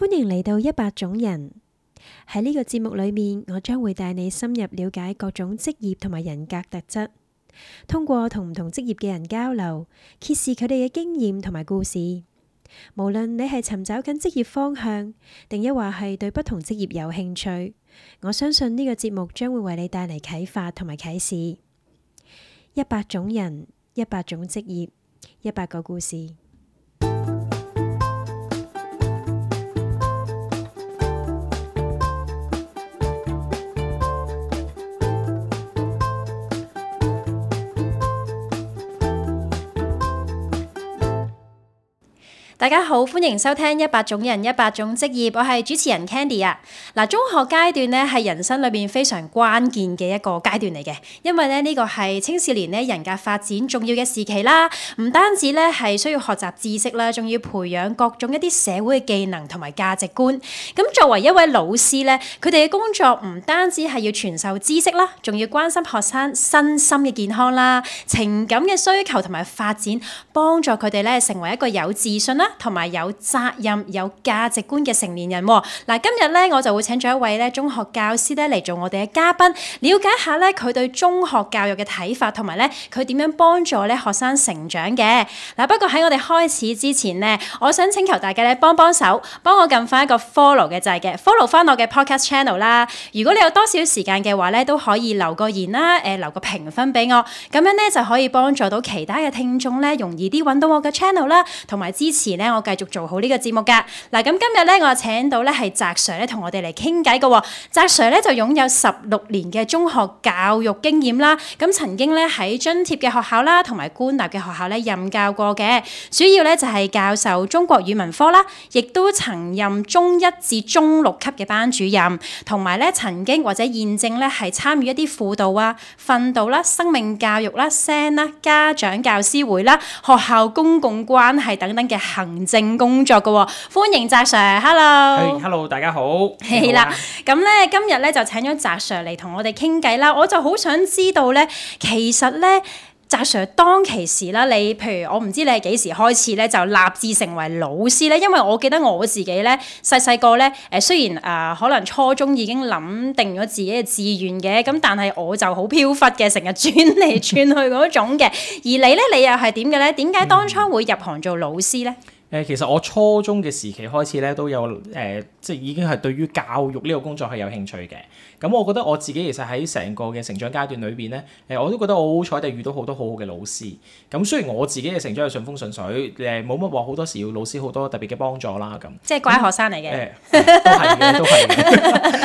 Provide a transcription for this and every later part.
歡迎嚟到一百種人。喺呢個節目裏面，我將會帶你深入了解各種職業同埋人格特質，通過同唔同職業嘅人交流，揭示佢哋嘅經驗同埋故事。無論你係尋找緊職業方向，定抑或係對不同職業有興趣，我相信呢個節目將會為你帶嚟啟發同埋啟示。一百種人，一百種職業，一百個故事。大家好，歡迎收聽一百種人，一百種職業，我係主持人 Candy 啊。嗱，中學階段咧係人生裏邊非常關鍵嘅一個階段嚟嘅，因為咧呢個係青少年咧人格發展重要嘅時期啦。唔單止咧係需要學習知識啦，仲要培養各種一啲社會嘅技能同埋價值觀。咁作為一位老師咧，佢哋嘅工作唔單止係要傳授知識啦，仲要關心學生身心嘅健康啦、情感嘅需求同埋發展，幫助佢哋咧成為一個有自信啦。同埋有責任、有價值觀嘅成年人喎。嗱，今日咧我就會請咗一位咧中學教師咧嚟做我哋嘅嘉賓，了解下咧佢對中學教育嘅睇法，同埋咧佢點樣幫助咧學生成長嘅。嗱、啊，不過喺我哋開始之前咧，我想請求大家咧幫幫手，幫我撳翻一個 fo follow 嘅掣嘅，follow 翻我嘅 podcast channel 啦。如果你有多少時間嘅話咧，都可以留個言啦，誒、呃、留個評分俾我，咁樣咧就可以幫助到其他嘅聽眾咧容易啲揾到我嘅 channel 啦，同埋支持，咧我繼續做好呢個節目㗎。嗱咁今日咧，我請到咧係翟 Sir 咧同我哋嚟傾偈嘅喎。翟 Sir 咧就擁有十六年嘅中學教育經驗啦。咁曾經咧喺津貼嘅學校啦，同埋官立嘅學校咧任教過嘅。主要咧就係教授中國語文科啦，亦都曾任中一至中六級嘅班主任，同埋咧曾經或者現正咧係參與一啲輔導啊、訓導啦、生命教育啦、SEN 啦、家長教師會啦、學校公共關係等等嘅行行政工作嘅、哦，歡迎翟 Sir，Hello，hey，Hello 大家好，係啦的，咁咧、啊嗯、今日咧就請咗翟 Sir 嚟同我哋傾偈啦，我就好想知道咧，其實咧翟 Sir 當其時啦，你譬如我唔知你係幾時開始咧就立志成為老師咧，因為我記得我自己咧細細個咧，誒雖然誒、呃、可能初中已經諗定咗自己嘅志願嘅，咁但係我就好飄忽嘅，成日轉嚟轉去嗰種嘅， 而你咧你又係點嘅咧？點解當初會入行做老師咧？誒，其實我初中嘅時期開始咧，都有誒、呃，即係已經係對於教育呢個工作係有興趣嘅。咁、嗯、我覺得我自己其實喺成個嘅成長階段裏邊咧，誒我都覺得我好彩地遇到好多好好嘅老師。咁、嗯、雖然我自己嘅成長係順風順水，誒冇乜話好多時要老師好多特別嘅幫助啦。咁、嗯、即係乖是學生嚟嘅、嗯嗯嗯嗯，都係嘅，都係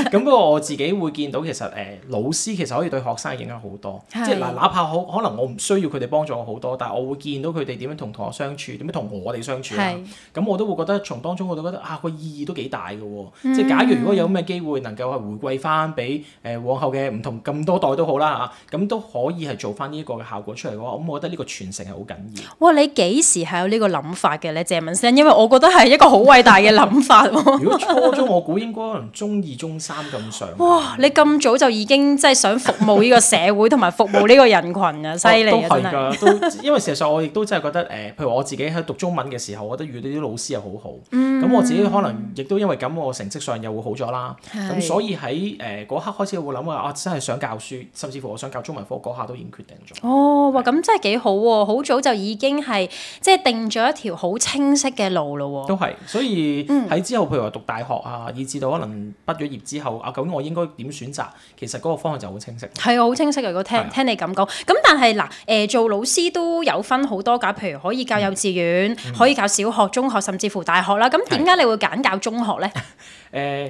嘅。咁不過我自己會見到其實誒、嗯、老師其實可以對學生影響好多。的即係嗱，哪怕好可能我唔需要佢哋幫助我好多，但係我會見到佢哋點樣同同學相處，點樣同我哋相處啦。咁的、嗯嗯、我都會覺得從當中我都覺得啊個意義都幾大㗎喎。即、就、係、是、假如如果有咩嘅機會能夠係回饋翻俾，你、呃、往後嘅唔同咁多代都好啦嚇，咁、啊、都可以係做翻呢一個嘅效果出嚟嘅話，咁我覺得呢個傳承係好緊要。哇！你幾時係有個呢個諗法嘅咧？謝文生因為我覺得係一個好偉大嘅諗法喎。 如果初中，哈哈我估應該可能中二、中三咁上。哇！你咁早就已經即係想服務呢個社會同埋服務呢個人群啊，犀利 啊！都係㗎，都因為事實上我亦都真係覺得誒、啊，譬如我自己喺讀中文嘅時候，我覺得遇到啲老師又好好。嗯。咁我自己可能亦都因為咁，我成績上又會好咗啦。係的。咁所以喺誒。呃嗰刻開始會諗話，我、啊、真係想教書，甚至乎我想教中文科。嗰下都已經決定咗。哦，是哇，咁真係幾好喎！好早就已經係即係定咗一條好清晰嘅路咯、啊。都係，所以喺之後，譬如話讀大學啊，以至到可能畢咗業之後，啊，咁我應該點選擇？其實嗰個方向就好清晰。係啊，好清晰嘅。如果聽、啊、聽你咁講，咁但係嗱，誒、呃、做老師都有分好多㗎，譬如可以教幼稚園，嗯、可以教小學、中學，甚至乎大學啦。咁點解你會揀教中學咧？誒、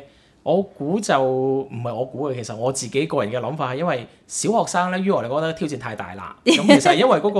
呃。我估就唔係我估嘅，其實我自己個人嘅諗法係因為小學生咧，於我嚟講咧，挑戰太大啦。咁 其實因為嗰、嗰個，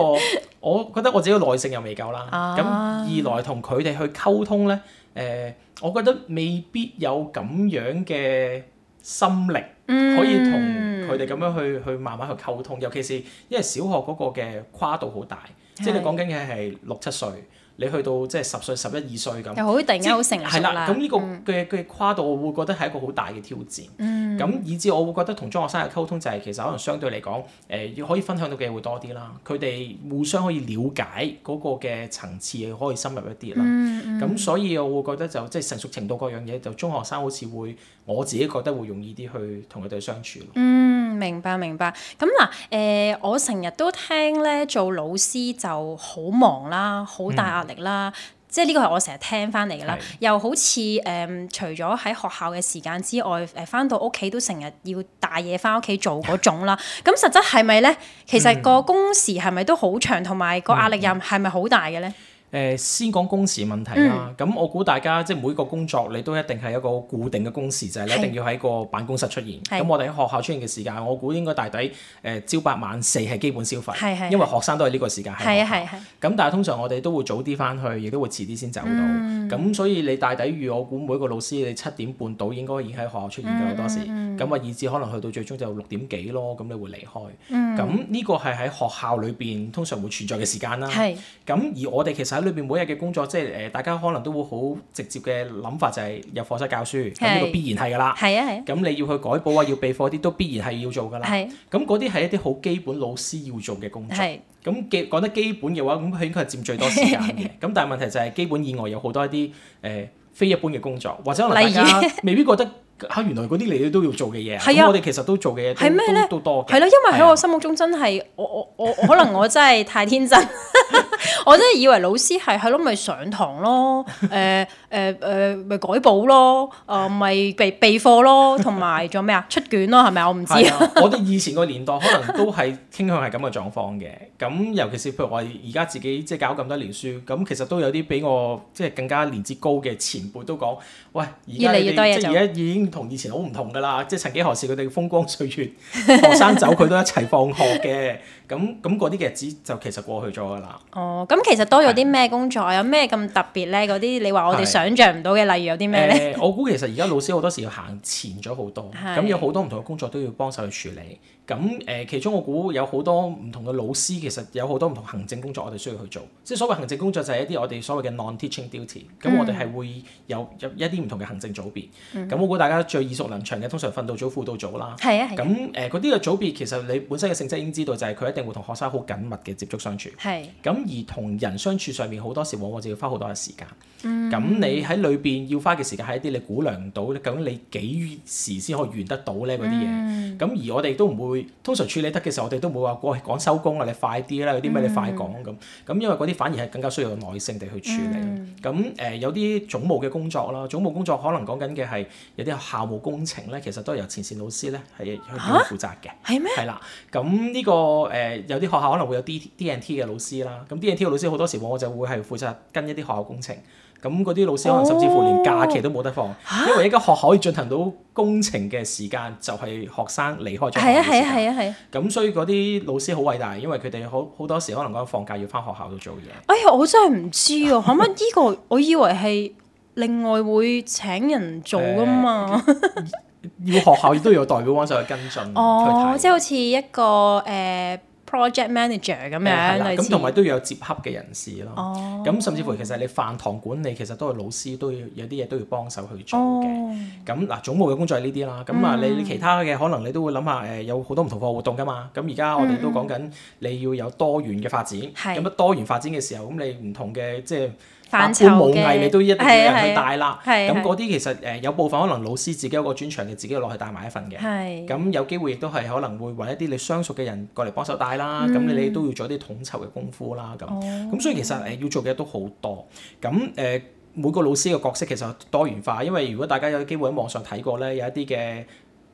我覺得我自己嘅耐性又未夠啦。咁、啊、二來同佢哋去溝通咧，誒、呃，我覺得未必有咁樣嘅心力可以同佢哋咁樣去、嗯、去慢慢去溝通，尤其是因為小學嗰個嘅跨度好大，是即係你講緊嘅係六七歲。你去到即係十歲、十一二歲咁，即又好突然，好成熟啦。咁呢個嘅嘅跨度，嗯、我會覺得係一個好大嘅挑戰。咁、嗯、以至我會覺得同中學生嘅溝通就係、是、其實可能相對嚟講，誒、呃、要可以分享到嘅嘢會多啲啦。佢哋互相可以了解嗰個嘅層次，可以深入一啲啦。咁、嗯嗯、所以我會覺得就即係、就是、成熟程度嗰樣嘢，就中學生好似會我自己覺得會容易啲去同佢哋相處。嗯明白明白，咁嗱誒，我成日都聽咧，做老師就好忙啦，好大壓力啦，嗯、即係呢個係我成日聽翻嚟噶啦，的又好似誒、呃，除咗喺學校嘅時間之外，誒、呃、翻到屋企都成日要帶嘢翻屋企做嗰種啦。咁 實質係咪咧？其實個工時係咪都好長，同埋個壓力又係咪好大嘅咧？誒，先講工時問題啦，咁我估大家即係每個工作你都一定係一個固定嘅工時，就係你一定要喺個辦公室出現。咁我哋喺學校出現嘅時間，我估應該大抵誒，朝八晚四係基本消費，因為學生都係呢個時間喺學校。咁但係通常我哋都會早啲翻去，亦都會遲啲先走到。咁所以你大抵預我估每個老師你七點半到應該已經喺學校出現㗎，好多時。咁啊，以至可能去到最終就六點幾咯，咁你會離開。咁呢個係喺學校裏邊通常會存在嘅時間啦。咁而我哋其實喺裏邊每日嘅工作，即係誒，大家可能都會好直接嘅諗法，就係入課室教書。咁呢的個必然係噶啦。係啊係。咁你要去改簿啊，要備課啲，都必然係要做噶啦。係的。咁嗰啲係一啲好基本老師要做嘅工作。係的。咁基講得基本嘅話，咁佢應該係佔最多時間嘅。咁 但係問題就係基本以外，有好多一啲誒、呃、非一般嘅工作，或者可能大家未必覺得。嚇！原來嗰啲你都要做嘅嘢，啊，我哋其實都做嘅嘢咩都都，都多。係咯、啊，因為喺我心目中真係 我我我可能我真係太天真， 我真係以為老師係係咯，咪上堂咯，誒誒誒，咪、呃呃、改簿咯，啊咪備備課咯，同埋做咩啊？出卷咯，係咪？我唔知。啊。 我哋以前個年代可能都係傾向係咁嘅狀況嘅。咁尤其是譬如我而家自己即係搞咁多年書，咁其實都有啲比我即係更加年資高嘅前輩都講：喂，而家即係而家已經。同以前好唔同噶啦，即係曾幾何時佢哋嘅風光歲月，學生走佢都一齊放學嘅，咁咁嗰啲日子就其實過去咗噶啦。哦，咁其實多咗啲咩工作，是有咩咁特別咧？嗰啲你話我哋想象唔到嘅，是例如有啲咩咧？我估其實而家老師好多時要行前咗好多，咁是有好多唔同嘅工作都要幫手去處理。咁誒、呃，其中我估有好多唔同嘅老師，其實有好多唔同行政工作我哋需要去做。即係所謂行政工作就係一啲我哋所謂嘅 non-teaching duty、嗯。咁我哋係會有有一啲唔同嘅行政組別，咁、嗯、我估大家最耳熟能詳嘅，通常訓導組輔導組啦。係啊。咁誒，嗰啲嘅、呃、組別其實你本身嘅性質已經知道，就係佢一定會同學生好緊密嘅接觸相處，係、嗯。咁而同人相處上面好多時往往就要花好多嘅時間，咁、嗯、你喺裏邊要花嘅時間係一啲你估量唔到究竟你幾時先可以完得到咧嗰啲嘢。咁、嗯、而我哋都唔會。通常處理得嘅時候，我哋都冇話過講收工啦！你快啲啦，有啲咩你快講咁。咁、嗯、因為嗰啲反而係更加需要耐性地去處理。咁誒、嗯呃、有啲總務嘅工作啦，總務工作可能講緊嘅係有啲校務工程咧，其實都係由前線老師咧係去負責嘅。嚇、啊！係咩？係啦，咁呢、這個誒、呃、有啲學校可能會有 D T, D N T 嘅老師啦。咁 D N T 嘅老師好多時我就會係負責跟一啲學校工程。咁嗰啲老師可能甚至乎連假期都冇得放，哦、因為依家學校可以進行到工程嘅時間，就係、係、學生離開咗學校嘅時間。係啊係啊係啊係。咁所以嗰啲老師好偉大，因為佢哋好好多時可能嗰放假要翻學校度做嘢。哎呀，我真係唔知啊，可唔可以依個？我以為係另外會請人做噶嘛。要、呃、學校亦都有代表喺度去跟進去。哦，即係好似一個誒。呃 Project manager 咁樣，類似，咁同埋都要有接洽嘅人士咯。咁、oh. 甚至乎其實你飯堂管理其實都係老師都要有啲嘢都要幫手去做嘅。咁嗱、oh. 總務嘅工作係呢啲啦。咁啊你你其他嘅可能你都會諗下誒有好多唔同課活動㗎嘛。咁而家我哋都講緊你要有多元嘅發展。咁啊、oh. 多元發展嘅時候，咁你唔同嘅即係。包括網藝的你都一定要有人去帶啦，咁嗰啲其實誒有部分可能老師自己有個專長嘅，自己落去帶埋一份嘅。咁是有機會亦都係可能會揾一啲你相熟嘅人過嚟幫手帶啦。咁、嗯、你都要做一啲統籌嘅功夫啦。咁咁所以其實誒要做嘅都好多。咁誒、呃、每個老師嘅角色其實多元化，因為如果大家有機會喺網上睇過咧，有一啲嘅。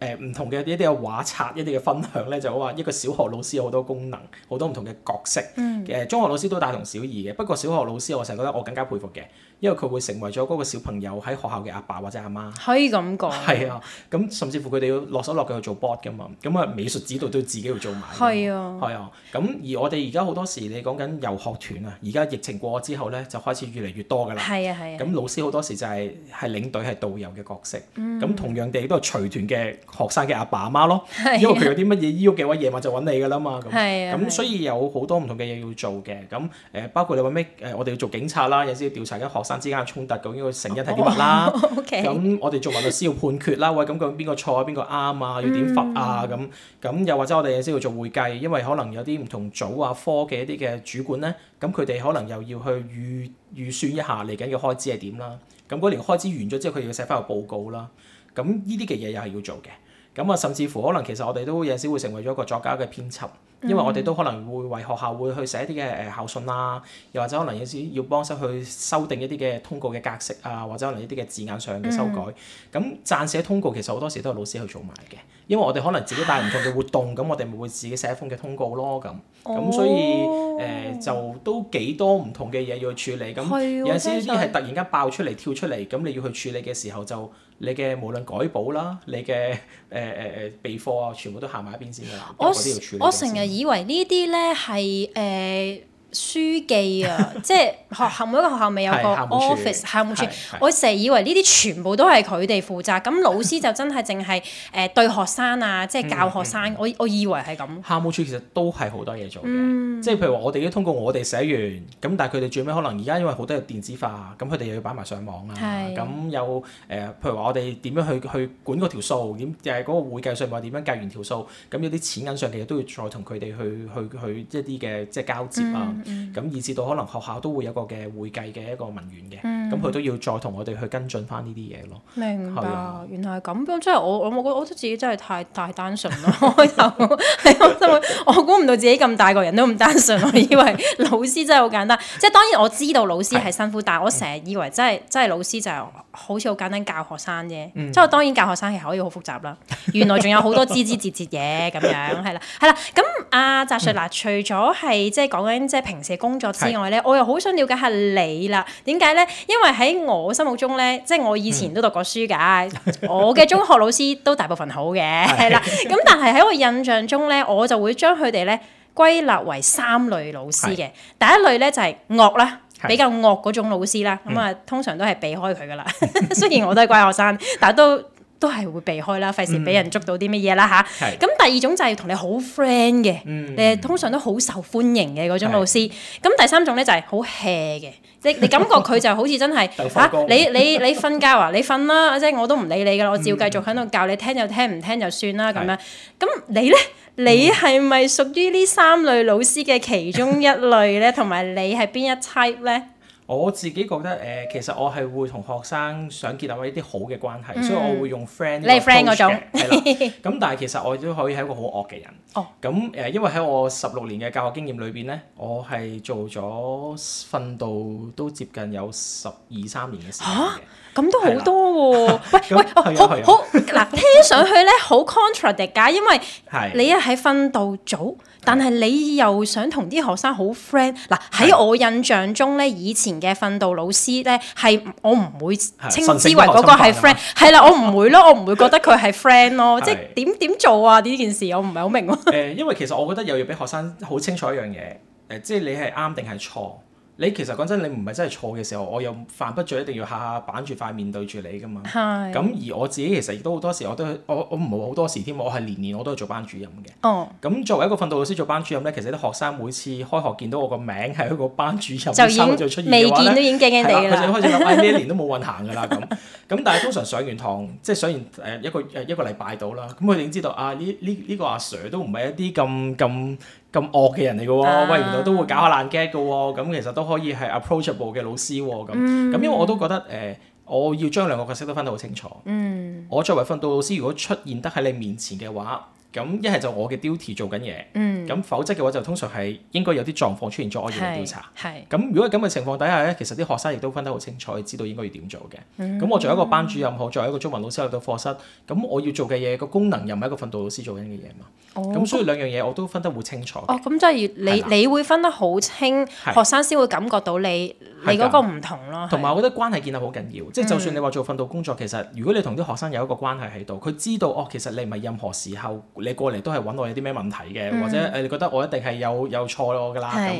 誒唔、呃、同嘅一啲嘅畫冊，一啲嘅分享咧，就好話一個小學老師有好多功能，好多唔同嘅角色。誒、嗯、中學老師都大同小異嘅，不過小學老師我成日覺得我更加佩服嘅。因為佢會成為咗嗰個小朋友喺學校嘅阿爸，爸或者阿媽，媽，可以咁講。係啊，咁甚至乎佢哋要落手落腳去做 board 噶嘛，咁啊美術指導都要自己去做埋。係 啊，係啊，咁而我哋而家好多時你講緊遊學團啊，而家疫情過咗之後咧，就開始越嚟越多㗎啦。係啊係啊，咁、啊嗯、老師好多時就係係領隊係導遊嘅角色，咁、嗯、同樣地都係隨團嘅學生嘅阿爸阿媽咯。啊、因為佢有啲乜嘢要嘅話，夜晚就揾你㗎啦嘛。係咁、啊啊、所以有好多唔同嘅嘢要做嘅，咁誒包括你揾咩誒，我哋要做警察啦，有時要調查啲學生。之間嘅衝突咁呢個成因係點啦？咁我哋做埋律師要判決啦，喂咁究竟邊個錯啊？邊個啱啊？要點罰啊？咁咁又或者我哋嘅先要做會計，因為可能有啲唔同組啊科嘅一啲嘅主管咧，咁佢哋可能又要去預預算一下嚟緊嘅開支係點啦。咁嗰年開支完咗之後，佢要寫返個報告啦。咁呢啲嘅嘢又係要做嘅。咁啊，甚至乎可能其實我哋都有時會成為咗一個作家嘅編輯，因為我哋都可能會為學校會去寫一啲嘅誒校訊啦，又或者可能有時要幫手去修訂一啲嘅通告嘅格式啊，或者可能一啲嘅字眼上嘅修改。咁撰寫通告其實好多時都係老師去做埋嘅，因為我哋可能自己帶唔同嘅活動，咁 我哋咪會自己寫一封嘅通告咯。咁咁所以誒、oh. 呃、就都幾多唔同嘅嘢要去處理，咁有時呢啲係突然間爆出嚟跳出嚟，咁你要去處理嘅時候就～你嘅無論改簿啦，你嘅誒誒誒備課啊，全部都行埋一邊先㗎啦。我成日以為呢啲咧係誒。書記啊，即係學校每一個學校咪有個 office 校務處，office，處我成日以為呢啲全部都係佢哋負責，咁老師就真係淨係誒對學生啊， 即係教學生，嗯嗯、我我以為係咁。校務處其實都係好多嘢做嘅，嗯、即係譬如話我哋要通過我哋寫完，咁、嗯、但係佢哋最尾可能而家因為好多有電子化，咁佢哋又要擺埋上網啊，咁是有誒、呃、譬如話我哋點樣去去管嗰條數，點又係嗰個會計上邊點樣計完條數，咁有啲錢銀上其實都要再同佢哋去去去，去一啲嘅即係交接啊。嗯咁，嗯，以至到可能學校都會有一個嘅會計嘅一個文員嘅。嗯咁佢、嗯、都要再同我哋去跟進翻呢啲嘢咯。明白，原來係咁樣，即係我我我覺得自己真係太太單純啦。開頭喺我心， 我估唔到自己咁大個人都咁單純。我以為老師真係好簡單，即、就、係、是、當然我知道老師係辛苦，嗯、但係我成日以為真係真係老師就係好似好簡單教學生啫。即係、嗯、當然教學生係可以好複雜啦。 原來仲有好多枝枝節節嘢咁樣，係啦，係啦。咁阿翟 Sir 嗱，除咗係即係講緊即係平時工作之外咧，嗯、我又好想了解下你啦。點解咧？因因為喺我心目中咧，即係我以前都讀過書噶， 我嘅中學老師都大部分好嘅，係 啦。咁但係喺我印象中咧，我就會將佢哋咧歸納為三類老師嘅。 第一類咧就係惡啦，比較惡嗰種老師啦。咁啊，通常都係避開佢噶啦。 雖然我都係乖學生，但係都。都係會避開啦，費事俾人捉到啲乜嘢啦嚇。咁、嗯啊、第二種就係同你好 friend 嘅，誒、嗯、通常都好受歡迎嘅嗰、嗯、種老師。咁、嗯、第三種咧就係好 hea 嘅，即 你感覺佢就好似真係嚇，你你你瞓覺啊，你瞓啦，即係我都唔理你噶啦，我照繼續喺度教，你聽就聽，唔聽就算啦咁樣。咁、嗯、你咧，你係咪屬於呢三類老師嘅其中一類咧？同埋你係邊一 type 咧？我自己覺得誒、呃，其實我係會同學生想建立一啲好嘅關係，嗯、所以我會用 friend，你係 friend 的。你係 friend 嗰種，係啦。 咁但係其實我亦都可以係一個好惡嘅人。哦。 咁、呃、誒，因為喺我十六年嘅教學經驗裏邊咧，我係做咗訓導都接近有十二三年嘅時間。咁都、啊、好多喎！喂喂我，好好嗱，聽上去咧好 contradict 㗎，因為你一喺訓導組，但係你又想同啲學生好 friend。嗱喺我印象中咧，以前嘅訓導老師咧係我唔會稱之為嗰個係 friend，係啦，我唔會咯，我唔會覺得佢係 friend 咯，即係點點做啊？呢件事我唔係好明喎、啊呃。因為其實我覺得又要俾學生好清楚一樣嘢，誒，即係你係啱定係錯。你其實講真，你唔係真係錯嘅時候，我又犯不著一定要下下板住塊面對住你噶嘛。咁是而我自己其實亦都好多時我都我我唔冇好多時添，我係年年我都係做班主任嘅。咁、哦、作為一個訓導老師做班主任咧，其實啲學生每次開學見到我個名喺個班主任衫度已出現嘅話，未見都已經驚驚哋啦。佢哋開始諗：哎，呢一年都冇運行㗎啦咁。咁 但係通常上完堂，即係上完誒一個誒一個禮拜到啦，咁佢哋已經知道啊呢呢呢個阿 Sir 都唔係一啲咁咁，咁惡嘅人嚟㗎喎，啊、喂，唔到都會搞下爛 gag 喎，咁其實都可以係 approachable 嘅老師喎、哦，咁，咁、嗯、因為我都覺得誒、呃，我要將兩個角色都分得好清楚，嗯、我作為訓導老師，如果出現得喺你面前嘅話。咁一係就我嘅 duty 做緊嘢，咁、嗯、否則嘅話就通常係應該有啲狀況出現咗我要去調查。咁如果係咁嘅情況底下咧，其實啲學生亦都分得好清楚，知道應該要點做嘅。咁、嗯、我作為一個班主任，我、嗯、作為一個中文老師入到課室，咁我要做嘅嘢、這個功能又唔係一個訓導老師做緊嘅嘢嘛。咁、哦、所以兩樣嘢我都分得好清楚哦。哦，咁即係你吧你會分得好清，學生先會感覺到你。係嗰個唔同咯，同埋我覺得關係建立好緊要。即係就算你話做訓導工作，其實如果你同啲學生有一個關係喺度，佢知道哦，其實你唔係任何時候你過嚟都係揾我有啲咩問題嘅，或者誒，你覺得我一定係有有錯咯㗎啦。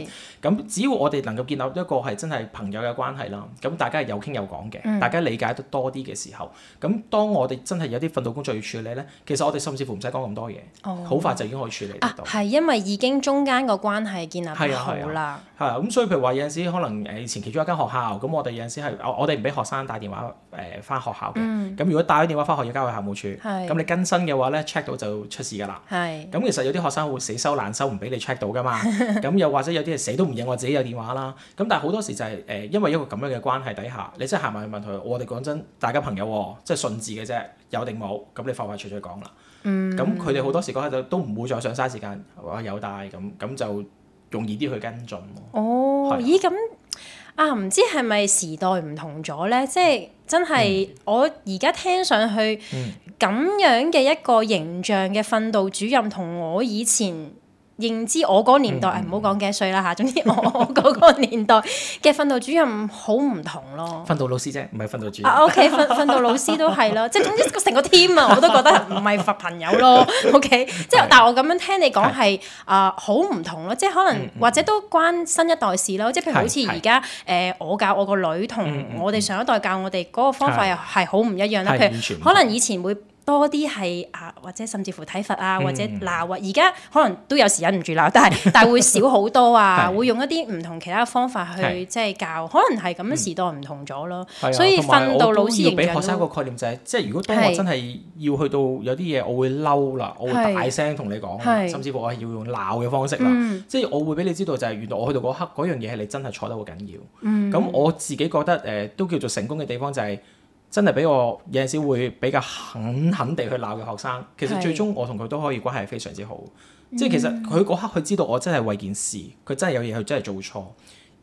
咁只要我哋能夠建立一個係真係朋友嘅關係啦，咁大家係有傾有講嘅，大家理解得多啲嘅時候，咁當我哋真係有啲訓導工作要處理咧，其實我哋甚至乎唔使講咁多嘢，好快就已經可以處理得到。係因為已經中間個關係建立得好啦。係啊，咁、嗯、所以譬如話有陣時可能誒以前其中一間學校，咁我哋有陣時係我哋唔俾學生帶電話誒翻、呃、學校嘅。咁、嗯、如果帶咗電話翻學，要交去校務處。咁是你更新嘅話咧，check 到就出事㗎啦。咁是其實有啲學生會死收爛收，唔俾你 check 到㗎嘛。咁 又或者有啲係死都唔認，我自己有電話啦。咁但係好多時就係、是、誒、呃，因為一個咁樣嘅關係底下，你即係行埋去問佢，我哋講真，大家朋友喎，即係順治嘅啫，有定冇？咁你快快脆脆講啦。咁佢哋好多時講下就都唔會再想嘥時間話有帶咁，咁就。容易啲去跟進喎。哦，的咦，咁啊，唔知係咪時代唔同咗咧？即係真係、嗯、我而家聽上去咁、嗯、樣嘅一個形象嘅訓導主任，同我以前。認知我嗰年代，唔好講幾多歲啦嚇。總之我嗰個年代嘅訓導主任好唔同咯。訓導老師啫，唔係訓導主任。啊 OK，訓訓導老師都係啦，即係總之成個 team 啊，我都覺得唔係罰朋友咯。OK，即係但係我咁樣聽你講係啊，好唔同咯。即係可能或者都關新一代事咯。即係譬如好似而家誒，我教我個女同我哋上一代教我哋嗰個方法又係好唔一樣啦。譬如可能以前會。多啲係啊，或者甚至乎體罰啊，或者鬧、啊。而家可能都有時忍唔住鬧，但係但係會少好多啊。 是會用一啲唔同其他方法去是即係教，可能係咁嘅時代唔同咗咯。嗯、所以訓導老師亦都。我會俾學生個概念就係、是，即係如果當我真係要去到有啲嘢，我會嬲啦，我會大聲同你講，甚至乎我係要用鬧嘅方式啦。嗯、即係我會俾你知道，就係原來我去到嗰刻嗰樣嘢係你真係錯得好緊要。咁、嗯、我自己覺得誒、呃、都叫做成功嘅地方就係、是。真係俾我有陣時會比較狠狠地去鬧嘅學生，其實最終我同佢都可以關係非常之好，即係其實佢嗰刻佢知道我真係為件事，佢真係有嘢佢真係做錯。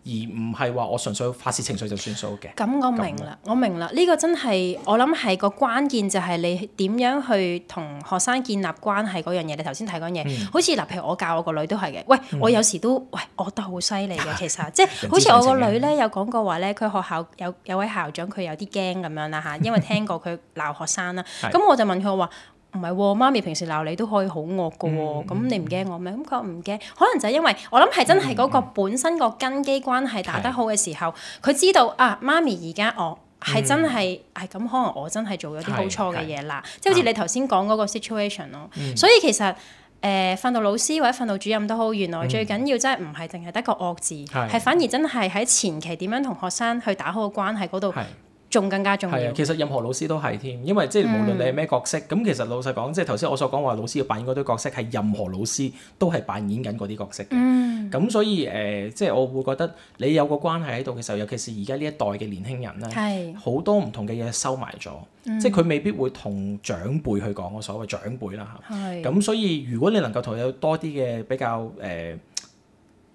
而唔係話我純粹發泄情緒就算數嘅。咁我明啦樣、這個，我明啦，呢個真係我諗係個關鍵，就係你點樣去同學生建立關係嗰樣嘢。你頭先睇講嘢，嗯、好似嗱，譬如我教我個女都係嘅。喂，我有時都喂，我覺得好犀利嘅，其實、啊、即係人家 好似我個女咧有講過話咧，佢學校有有位校長，佢有啲驚咁樣啦嚇，因為聽過佢鬧學生啦。咁 的我就問佢我話。唔係喎，媽咪平時鬧你都可以好惡㗎喎，咁、嗯、你唔驚我咩？咁佢話唔驚，可能就係因為我諗係真係嗰個本身個根基關係打得好嘅時候，佢、嗯、知道啊，媽咪而家我係真係係咁，嗯哎、可能我真係做咗啲好錯嘅嘢啦，即係好似你頭先講嗰個 situation 咯。嗯、所以其實誒、呃，訓導老師或者訓導主任都好，原來最緊要的真係唔係淨係得個惡字，係、嗯、反而真係喺前期點樣同學生去打好個關係嗰度。嗯嗯仲更加重要，其實任何老師都係添，因為即係無論你係咩角色，咁、嗯、其實老實講，即係頭先我所講話老師要扮演嗰堆角色，係任何老師都係扮演緊嗰啲角色，咁、嗯、所以誒、呃，即係我會覺得你有個關係喺度嘅時候，尤其是而家呢一代嘅年輕人咧，好是多唔同嘅嘢收埋咗，嗯、即係佢未必會同長輩去講。我所謂長輩啦嚇，咁是，所以如果你能夠同佢有多啲嘅比較誒。呃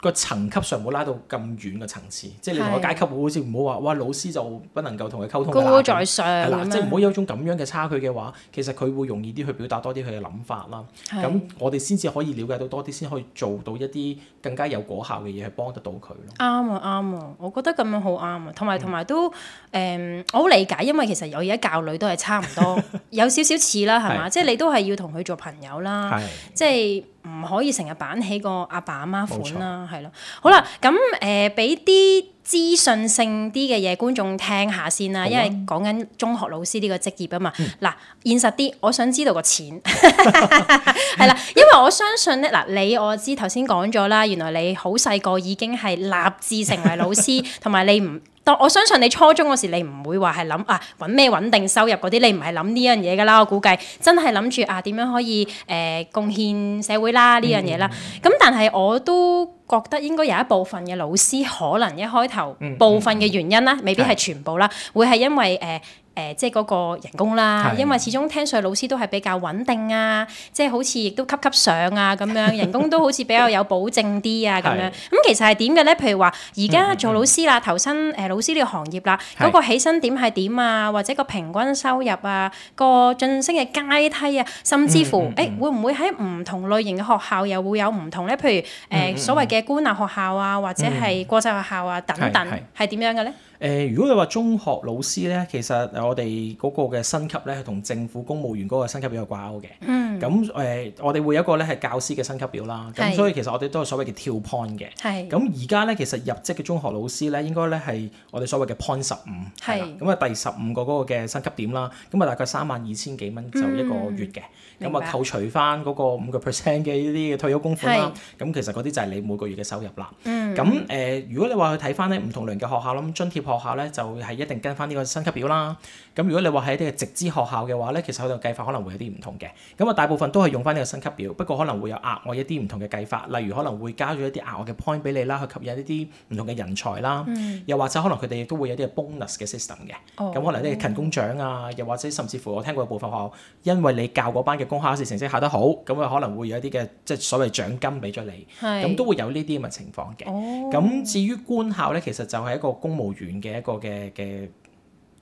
個層級上冇拉到咁遠嘅層次，即係你同個階級冇好似唔好話，哇老師就不能夠同佢溝通啦，高高在上，即係唔好有種咁樣嘅差距嘅話，其實佢會容易啲去表達多啲佢嘅諗法啦。咁我哋先至可以了解到多啲，先可以做到一啲更加有果效嘅嘢，去幫得到佢咯。啱啊，啱啊，我覺得咁樣好啱啊，同埋同埋都誒，我好理解，因為其實有而家教女都係差唔多，有少少似啦，係嘛？即係你都係要同佢做朋友啦，即係。唔可以成日板起個阿爸阿媽款啦，係咯，好啦，咁誒俾啲。呃資訊性啲嘅嘢，觀眾聽下先啦，因為講緊中學老師呢個職業啊嘛。嗱、嗯，現實啲，我想知道個錢係啦， 因為我相信咧嗱，你我知頭先講咗啦，原來你好細個已經係立志成為老師，同埋 你唔，我我相信你初中嗰時你唔會話係諗啊揾咩穩定收入嗰啲，你唔係諗呢樣嘢㗎啦，我估計真係諗住啊點樣可以誒、呃、貢獻社會啦呢樣嘢啦。咁、嗯、但係我都。覺得應該有一部分嘅老師可能一開頭、嗯、部分嘅原因啦，嗯、未必係全部啦，的會係因為誒。呃誒、呃，即係嗰個人工啦，因為始終聽上去老師都係比較穩定啊，即係好似亦都級級上啊咁樣，人工都好似比較有保證啲啊咁 樣。咁其實係點嘅咧？譬如話，而家做老師啦，投身誒老師呢個行業啦，嗰、嗯嗯、個起薪點係點啊？或者個平均收入啊，個晉升嘅階梯啊，甚至乎誒、欸，會唔會喺唔同類型嘅學校又會有唔同咧？譬如誒、呃、所謂嘅官立學校啊，或者係國際學校啊等等，係點、嗯嗯嗯、樣嘅咧？誒，如果你話中學老師咧，其實我哋嗰個嘅薪級咧，係同政府公務員嗰個薪級表有掛鈎嘅。咁誒，我哋會有一個咧係教師嘅薪級表啦。咁所以其實我哋都係所謂嘅跳 point 嘅。咁而家咧，其實入職嘅中學老師咧，應該咧係我哋所謂嘅 point 十五。係。咁啊，第十五個嗰個嘅薪級點啦，咁啊大概三萬二千幾蚊就一個月嘅。咁啊扣除翻嗰個五個 percent 嘅呢啲嘅退休工款啦，咁其實嗰啲就係你每個月嘅收入啦。咁誒，如果你話去睇翻咧唔同類型嘅學校啦，咁津貼學校咧就會、是、係一定跟翻呢個薪級表啦。咁如果你話喺一啲直資學校嘅話咧，其實佢嘅計法可能會有啲唔同嘅。咁啊，大部分都係用翻呢個薪級表，不過可能會有額外一啲唔同嘅計法，例如可能會加咗一啲額外嘅 point 俾你啦，去吸引一啲唔同嘅人才啦。嗯、又或者可能佢哋亦都會有啲 bonus 嘅 system 嘅。哦。咁可能啲勤工獎啊，又或者甚至乎我聽過部分學校因為你教嗰班嘅公開考試成績考得好，咁啊可能會有一啲嘅即係所謂獎金俾咗你。係是。咁都會有呢啲咁嘅情況嘅。哦。咁至於官校咧，其實就係一個公務員。嘅一個嘅嘅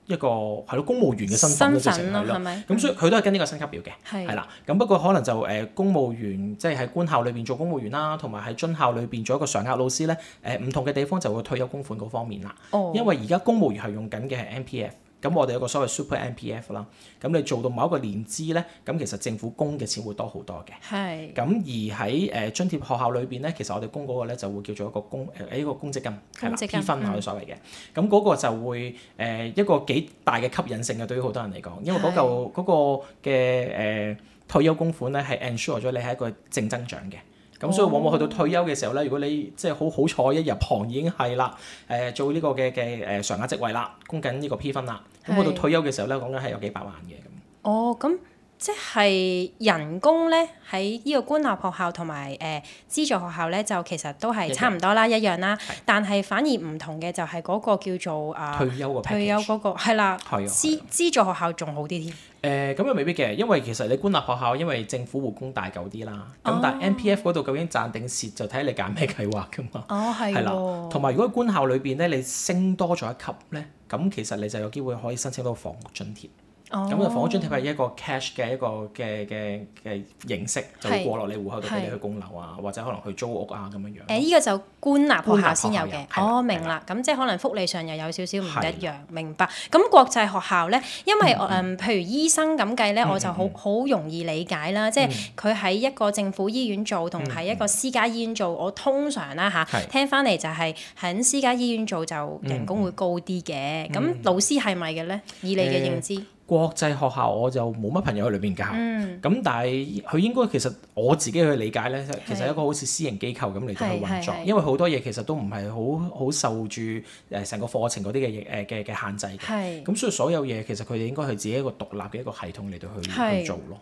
一個係咯，公務員嘅身份咯，即係係咯，咁吧所以佢都係跟呢個薪級表嘅，係啦是。咁不過可能就誒、呃、公務員即係喺官校裏邊做公務員啦，同埋喺津校裏邊做一個常額老師咧，誒、呃、唔同嘅地方就會退休供款嗰方面啦。Oh. 因為而家公務員係用緊嘅係 MPF。咁我哋有個所謂 Super MPF 啦，咁你做到某一個年資咧，咁其實政府供嘅錢會多好多嘅。係是。咁而喺誒津貼學校裏邊咧，其實我哋供嗰個咧就會叫做一個公誒呢個公積金，積金，積啦分啊，所謂嘅。咁嗰的個就會誒、呃、一個幾大嘅吸引性嘅，對於好多人嚟講，因為嗰嚿嗰個嘅誒退休供款咧係 ensure 咗你係一個正增長嘅。咁、嗯、所以往往去到退休嘅時候咧，如果你即係好好彩一入行已經係啦，誒、呃、做呢個嘅嘅誒常額職位啦，供緊呢個 P 分啦，咁去是到退休嘅時候咧，講緊係有幾百萬嘅咁。哦，咁。即係人工咧，喺呢個官立學校同埋誒資助學校咧，就其實都係差唔多啦，一樣啦。的但係反而唔同嘅就係嗰個叫做啊退休個 package 退休嗰、嗰個係啦，資助學校仲好啲添。誒咁又未必嘅，因為其實你官立學校因為政府護工大嚿啲啦，咁、哦、但係 M P F 嗰度究竟賺定蝕就睇你揀咩計劃噶嘛。哦，係。係啦，同埋如果官校裏邊咧，你升多咗一級咧，咁其實你就有機會可以申請到房屋津貼。咁啊，房屋津貼係一個 cash 嘅一個嘅嘅嘅形式，就會過落你戶口度俾你去供樓啊，或者可能去租屋啊咁樣樣。誒，依個就官立學校先有嘅。哦，明啦，咁即係可能福利上又有少少唔一樣，明白？咁國際學校咧，因為誒，譬如醫生咁計咧，我就好好容易理解啦，即係佢喺一個政府醫院做同喺一個私家醫院做，我通常啦嚇，聽翻嚟就係喺私家醫院做就人工會高啲嘅。咁老師係咪嘅咧？以你嘅認知？國際學校我就冇乜朋友喺裏邊教，咁、嗯、但係佢應該其實我自己去理解咧，其實一個好似私營機構咁嚟到去運作，因為好多嘢其實都唔係好好受住誒成個課程嗰啲嘅嘅嘅限制，嘅是。咁所以所有嘢其實佢哋應該係自己一個獨立嘅一個系統嚟到去去做咯。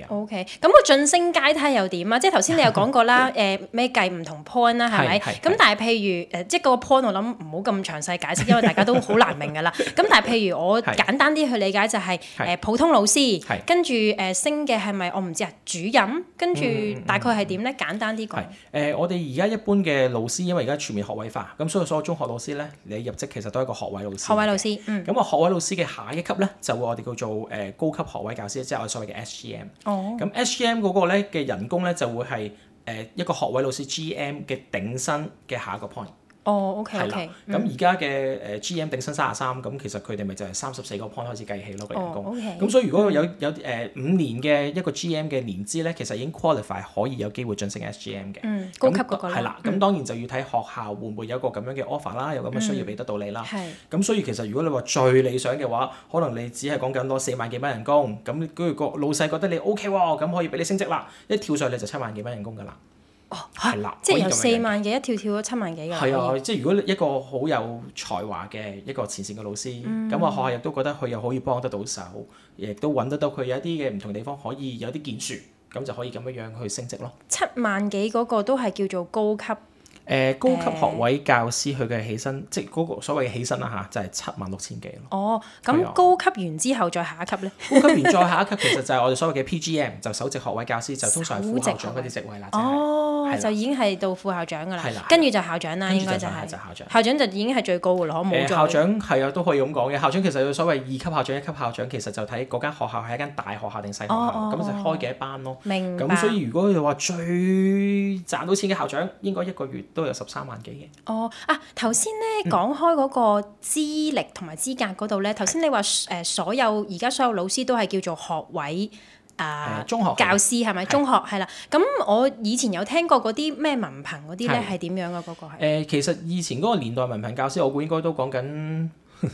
啊、O.K. 咁、嗯、個晉升階梯又點啊？即係頭先你有講過啦，誒咩計唔同 point 啦，係咪？咁但係譬如誒，是即係個 point 是我諗唔好咁詳細解釋，因為大家都好難明㗎啦。咁 但係譬如我簡單啲去理解就係、是、誒是、呃、普通老師，是跟住誒、呃、升嘅係咪我唔知啊，主任，跟住大概係點咧？簡單啲講。係、呃、我哋而家一般嘅老師，因為而家全面學位化，咁所以所有中學老師咧，你入職其實都係一個學位老師。學位老師，咁、嗯、個學位老師嘅下一級咧，就會我哋叫做誒高級學位教師，即係我所謂嘅 S.G.M. 哦，咁 HGM 嗰個咧嘅人工咧就會係誒一個學位老師 GM 嘅頂薪嘅下一個 point。哦、oh，OK，咁而家嘅誒 GM 頂薪卅呀三，咁其實佢哋咪就係三十四個 point 開始計起咯個人工。咁、oh, okay. 所以如果有有誒五年嘅一個 GM 嘅年資咧，其實已經 qualify 可以有機會晉升 SGM 嘅、嗯。高級嗰個係啦，咁、嗯、當然就要睇學校會唔會有個咁樣嘅 offer 啦，有咁嘅需要俾得到你啦。咁、嗯、所以其實如果你話最理想嘅話，可能你只係講緊攞四萬幾蚊人工，咁跟住個老細覺得你 OK 喎，咁可以俾你升職啦，一跳上去你就七萬幾蚊人工㗎啦。哦，係啦，即係由四萬幾一跳跳到七萬幾嘅。係啊，即係如果一個好有才華嘅一個前線嘅老師，咁啊、嗯、學校亦都覺得佢又可以幫得到手，亦都揾得到佢有一啲嘅唔同地方可以有啲建樹，咁就可以咁樣樣去升職咯。七萬幾嗰個都係叫做高級，誒、呃、高級學位教師佢嘅起薪，呃、即係嗰個所謂嘅起薪啦吓，就係七萬六千幾咯。哦，咁高級完之後再下一級咧？高級完再下一級，其實就係我哋所謂嘅 PGM，就首席學位教師，就通常係副校長嗰啲職位啦。哦。哦。就已經係到副校長㗎喇，跟住的就校長啦，就是、應該就係、是。跟住就校長。校長就已經係最高嘅咯，冇錯、呃。校長係啊，都可以咁講嘅。校長其實有所謂二級校長、一級校長，其實就睇嗰間學校係一間大學校定細學校，咁、哦、就開幾班咯。明白。咁所以如果佢話最賺到錢嘅校長，應該一個月都有十三萬幾嘅。哦，啊頭先咧講開嗰個資歷同埋資格嗰度咧，頭先、嗯、你話誒、呃、所有而家所有老師都係叫做學位。啊，中學教師係咪？中學係啦。咁我以前有聽過嗰啲咩文憑嗰啲咧，係點樣嘅嗰個？誒，其實以前嗰個年代文憑教師，我估應該都講緊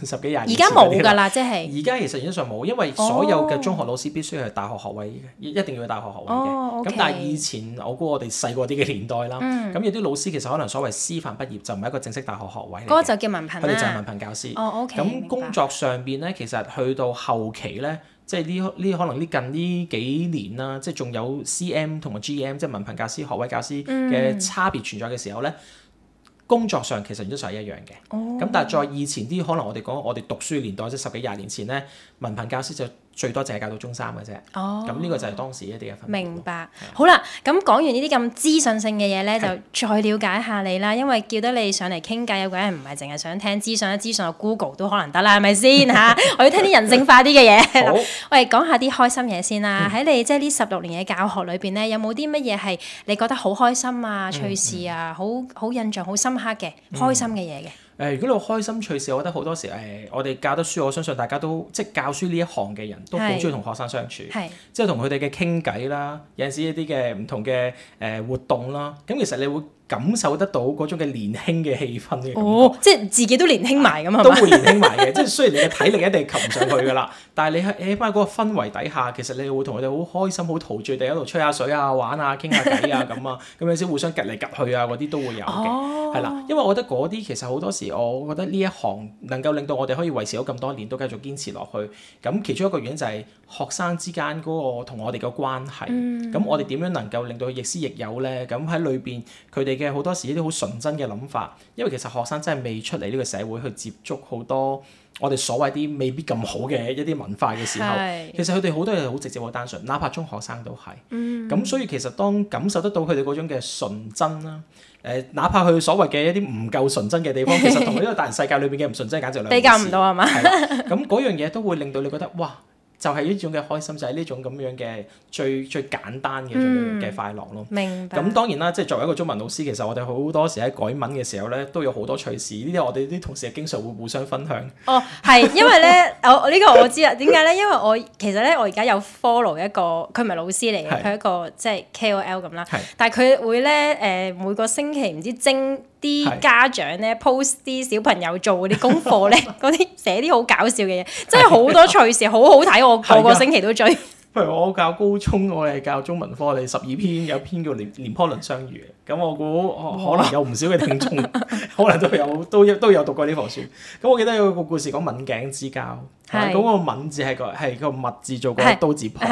十幾廿。而家冇㗎啦，即係。而家其實原則上冇，因為所有嘅中學老師必須要係大學學位，一定要大學學位嘅。咁。但係以前我估我哋細個啲嘅年代啦，咁有啲老師其實可能所謂師範畢業就唔係一個正式大學學位嚟。嗰個就叫文憑。佢哋就係文憑教師。哦，咁工作上邊咧，其實去到後期咧。即係呢呢可能呢近呢幾年啦，即係仲有 CM 同埋 GM，即係文憑教師、學位教師嘅差別存在嘅時候咧，嗯、工作上其實原則上係一樣嘅。咁、哦、但係在以前啲可能我哋講我哋讀書年代即係十幾廿年前咧，文憑教師就最多淨係教到中三嘅啫。哦，咁呢個就係當時一啲嘅分別。明白。Yeah. 好啦，咁講完呢啲咁資訊性嘅嘢咧，是就再了解下你啦。因為叫得你上嚟傾偈，有個人唔係淨係想聽資訊，資訊,資訊 Google 都可能得啦，係咪先嚇？ 我要聽啲人性化啲嘅嘢。 好。我哋 講下啲開心嘢先啦。喺、mm. 你即係呢十六年嘅教學裏邊咧，有冇啲乜嘢係你覺得好開心啊、趣事、mm. 啊、好好印象、好深刻嘅、mm. 開心嘅嘢嘅？誒，如果你有開心趣事，我覺得好多時誒、哎，我哋教得書，我相信大家都即係教書呢一行嘅人都好中意同學生相處，即係同佢哋嘅傾偈啦，有陣時一啲嘅唔同嘅誒活動啦，咁其實你會感受得到嗰種嘅年輕嘅氣氛嘅，哦，即係自己都年輕埋噶嘛，都會年輕埋嘅， 即係雖然你嘅體力一定係擒上去噶啦， 但係你喺喺翻嗰個氛圍底下，其實你會同佢哋好開心、好陶醉地喺度吹下水啊、玩啊、傾下偈啊咁啊，咁 樣先互相夾嚟夾去啊嗰啲都會有嘅，係啦、哦。因為我覺得嗰啲其實好多時，我覺得呢一行能夠令到我哋可以維持咗咁多年都繼續堅持落去，咁其中一個原因就係學生之間嗰、那個同我哋嘅關係，咁、嗯嗯、我哋點樣能夠令到佢亦師亦友咧？咁喺裏邊佢哋。嘅好多時呢啲好純真嘅諗法，因為其實學生真係未出嚟呢個社會去接觸好多我哋所謂啲未必咁好嘅一啲文化嘅時候，的其實佢哋好多嘢好直接、好單純，哪怕中學生都係。咁、嗯、所以其實當感受得到佢哋嗰種嘅純真啦，誒、呃，哪怕佢所謂嘅一啲唔夠純真嘅地方，其實同呢個大人世界裏邊嘅唔純真簡直比較唔到係嘛？係啦， 咁嗰樣嘢都會令到你覺得哇！就係呢種嘅開心，就係、係、呢種咁樣嘅最最簡單嘅嘅、嗯、快樂咯。嗯、明白。咁當然啦，即係作為一個中文老師，其實我哋好多時喺改文嘅時候咧，都有好多趣事。呢啲我哋啲同事係經常會互相分享。哦，係，因為咧， 我呢、呢個我知啦。點解咧？因為我其實咧，我而家有 follow 一個，佢唔係老師嚟嘅，佢是一個即係 KOL 咁啦。就係、是但係佢會咧，誒、呃、每個星期唔知精。啲家長咧 post 啲小朋友做嗰啲功課咧，嗰啲寫啲好搞笑嘅嘢，真係好多趣事，好好睇。我個個星期都追。譬如我教高中，我哋教中文科，我哋十二篇有篇叫《廉廉頗藺相如》。咁我估可能有唔少嘅聽眾，可能都有都都有讀過呢本書。咁我記得有個故事講刎頸之交，咁個刎字係個係個勿字做個刀字旁，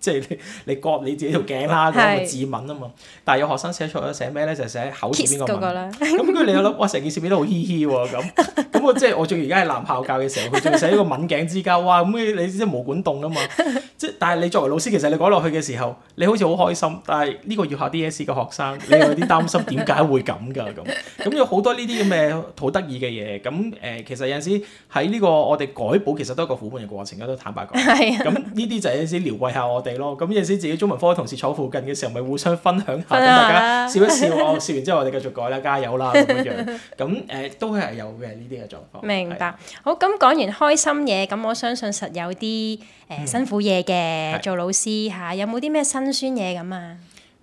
即係你你割你自己條頸啦，咁嘅自刎啊嘛，但係有學生寫錯咗寫咩咧？就係、寫口字邊個吻。咁跟住你又諗，哇成件事變得好嘻嘻喎、哦、咁。咁我即係我仲而家係男校教嘅時候，佢仲寫一個吻頸之交，哇咁你你即係毛管棟啊嘛。即係但係你作為老師，其實你講落去嘅時候，你好似好開心，但係呢個要考 DSE 嘅學生，你有啲擔心點解會咁㗎咁？咁有好多呢啲咁嘅好得意嘅嘢。咁誒其實有陣時喺呢個我哋改簿，其實都係一個苦悶嘅過程啦，都坦白講。咁呢啲就係有陣時療癒下我。咯，咁有陣時自己中文科同事坐附近嘅時候，咪互相分享下，咁大家笑一笑哦。笑完之後，我哋繼續改啦，加油啦咁樣樣。咁誒，都係有嘅呢啲嘅狀況。明白。好，咁講完開心嘢，咁我相信實有啲誒辛苦嘢嘅，做老師嚇，有冇啲咩辛酸嘢咁啊？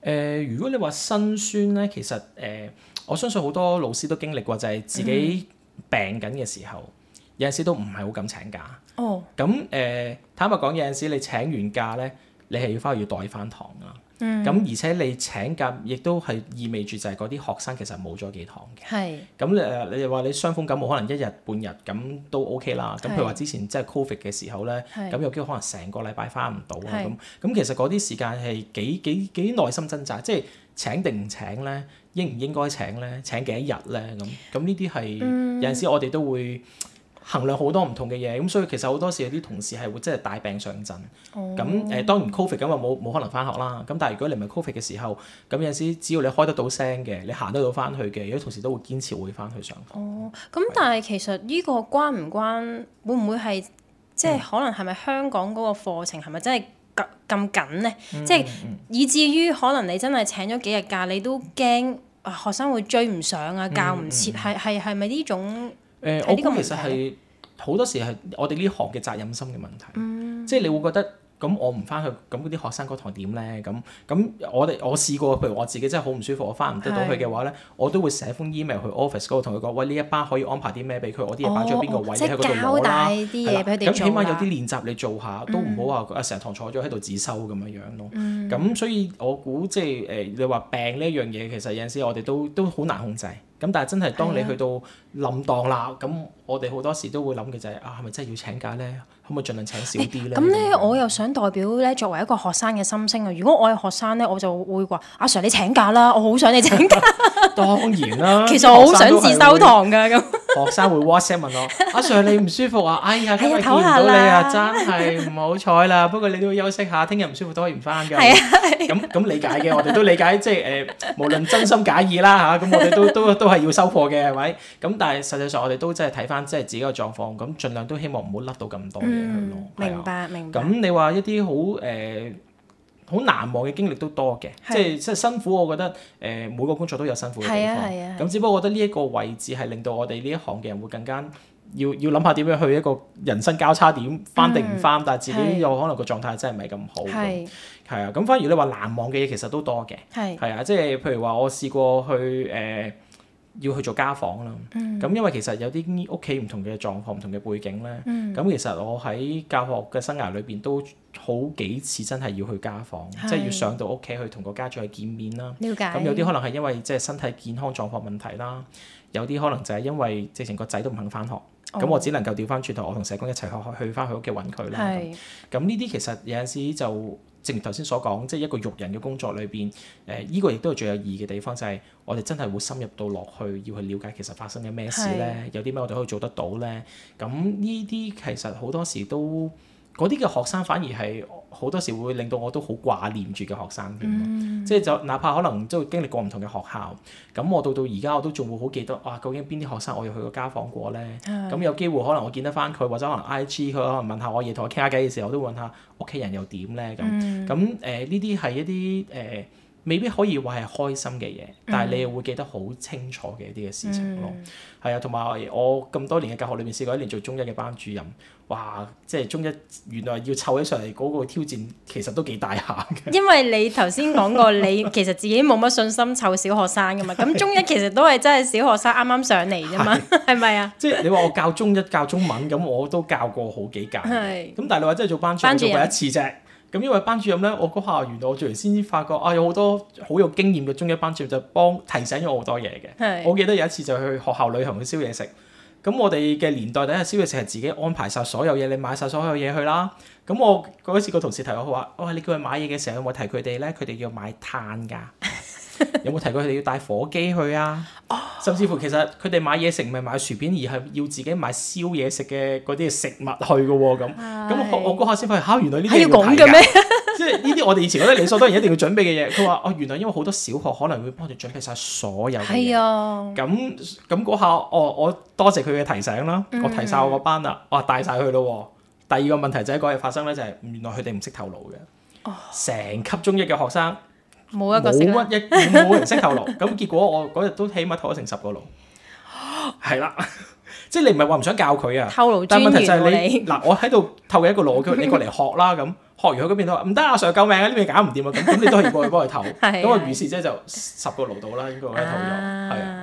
誒，如果你話辛酸咧，其實誒，我相信好多老師都經歷過，就係自己病緊嘅時候，有陣時都唔係好敢請假。哦。咁誒，坦白講，有陣時你請完假咧。你係要翻去要代翻堂啦，咁、嗯、而且你請假亦都係意味住就係嗰啲學生其實冇咗幾堂嘅。咁誒是你又話你傷風感冒可能一日半日咁都 OK 啦，咁譬如話之前即係 Covid 嘅時候咧，是有機會可能成個禮拜翻唔到啊咁，咁是其實嗰啲時間係幾幾幾耐心掙扎，即係請定唔請咧，應唔應該請咧，請幾多日咧咁，咁呢啲係有陣時我哋都會。衡量好多唔同嘅嘢，咁、嗯、所以其實好多時有啲同事係會真係帶病上陣，咁誒、嗯嗯、當然 Covid 咁話冇冇可能翻學啦。咁但係如果你唔係 Covid 嘅時候，咁有時只要你開得到聲嘅，你行得到翻去嘅，有啲同事都會堅持會翻去上。哦，咁但係是其實呢個關唔關會唔會係即係可能係咪香港嗰個課程係咪真係咁緊咧？即係、嗯、以至於可能你真係請咗幾日假，你都驚學生會追唔上啊，教唔切係係係咪呢種？誒，呃、我估其實係好多時係我哋呢行嘅責任心嘅問題，嗯、即係你會覺得咁我唔返去，咁嗰啲學生嗰堂點咧？咁咁我哋我試過，譬如我自己真係好唔舒服，我返唔得到去嘅話咧，是我都會寫封 email 去 office 嗰度同佢講，喂，呢一班可以安排啲咩俾佢？我啲嘢擺咗喺邊個位、哦、你喺嗰度冇啦。即係交代啲嘢俾佢哋。咁的起碼有啲練習你做下，嗯、都唔好話成堂坐咗喺度自修咁樣樣咯。咁、嗯嗯、所以我估即係誒，你話病呢一樣嘢，其實有陣時我哋都都好難控制。咁但係真係，當你去到臨檔啦，咁的我哋好多時都會諗嘅就係啊，係咪真係要請假呢？可唔可以盡量請少啲呢？欸」咁呢，樣我又想代表呢，作為一個學生嘅心聲啊，如果我係學生呢，我就會話阿、啊、Sir 你請假啦，我好想你請假。 當然啦了， 其實我好想自修堂嘅咁。 學生會 WhatsApp 問我：阿、 啊、Sir 你唔舒服啊？哎呀，今日見唔到你啊，呀真係唔好彩啦！ 不過你都要休息下，聽日唔舒服都可以唔翻㗎。咁咁 理解嘅，我哋都理解，即係誒、呃，無論真心假意啦嚇，咁、啊、我哋都都都係要收貨嘅，係咪？咁但係實際上我哋都真係睇翻即係自己個狀況，咁盡量都希望唔好甩到咁多嘢去咯。嗯啊、明白，明白。咁你話一啲好誒？呃好難忘嘅經歷都多嘅，的即係即係辛苦。我覺得誒、呃、每個工作都有辛苦嘅地方。咁只不過我覺得呢一個位置係令到我哋呢一行嘅人會更加要要諗下點樣去一個人生交叉點，翻定唔翻？嗯、但係自己有可能個狀態真係唔係咁好。係啊的，咁反而你話難忘嘅嘢其實都多嘅。係啊的的，即係譬如話我試過去誒。呃要去做家訪啦，咁、嗯、因為其實有啲屋企唔同嘅狀況，唔同嘅背景咧，咁、嗯、其實我喺教學嘅生涯裏邊都好幾次真係要去家訪，即係是要上到屋企去同個家長去見面啦。咁了解、嗯、有啲可能係因為即係身體健康狀況問題啦，有啲可能就係因為直情個仔都唔肯翻學，咁、哦嗯、我只能夠調翻轉頭，我同社工一齊去去翻佢屋企揾佢啦。咁呢啲其實有陣時就～正如頭先所講，即係一個育人嘅工作裏邊，誒、呃，依、這個亦都係最有意義嘅地方，就係、是、我哋真係會深入到落去，要去了解其實發生緊咩事咧，是有啲咩我哋可以做得到咧。咁呢啲其實好多時都，嗰啲嘅學生反而係。好多時會令到我都好掛念住嘅學生，嗯、即係就哪怕可能即係經歷過唔同嘅學校，咁我到到而家我都仲會好記得，哇、啊！究竟邊啲學生我有去過家訪過咧？咁、嗯、有機會可能我見得翻佢，或者可能 IG 佢，可能問下我嘢同我傾下偈嘅時候，我都問下屋企人又點咧？咁咁誒呢啲係一啲誒。呃未必可以話係開心嘅嘢，但係你又會記得好清楚嘅一啲嘅事情咯。係啊，同埋我咁多年嘅教學裏面，試過一年做中一嘅班主任，哇！即係中一原來要湊起上嚟嗰個挑戰，其實都幾大下嘅。因為你頭先講過，你其實自己冇乜信心湊小學生噶嘛。咁 的中一其實都係真係小學生啱啱上嚟啫嘛，係咪的啊？即係你話我教中一教中文，咁我都教過好幾屆。係的。咁但係你話真係做班主，班主任，做過一次啫。咁因為班主任咧，我嗰下原來我做完先先發覺啊，有好多好有經驗嘅中一班主任就幫提醒咗我好多嘢嘅。是我記得有一次就去學校旅行去燒嘢食，咁我哋嘅年代第一日燒嘢食係自己安排晒所有嘢，你買晒所有嘢去啦。咁我嗰次個同事提我話：哇、哦，你叫佢買嘢嘅時候有冇提佢哋咧？佢哋叫買碳㗎。 有冇提過佢哋要帶火機去啊？Oh，甚至乎其實佢哋買嘢食唔係買薯片，而係要自己買燒嘢食嘅嗰啲食物去噶咁、啊。咁 Yes. 我我嗰下先發現，吓原來呢啲係要講嘅咩？ 即係呢啲我哋以前覺得理所當然一定要準備嘅嘢。佢話哦，原來因為好多小學可能會幫住準備晒所有嘢。係咁咁嗰下，哦，我多謝佢嘅提醒啦。我提晒、mm. 我個班啦。我話帶晒去咯。第二個問題就係嗰日發生咧，就係、是、原來佢哋唔識頭腦嘅，成、oh. 級中一嘅學生。冇一個冇乜一冇人識透露，咁 結果我嗰日都起碼透咗成十個爐，係啦， 即係你唔係話唔想教佢 啊？透露專員，但問題就係你嗱，我喺度透嘅一個爐，叫你過嚟學啦，咁學完去嗰邊都話唔得啊，阿 Sir 救命啊，呢邊搞唔掂啊，咁咁 你都可以過去幫佢透。咁我 是、啊、於是即係就十個爐到啦，應該我係透咗，係啊。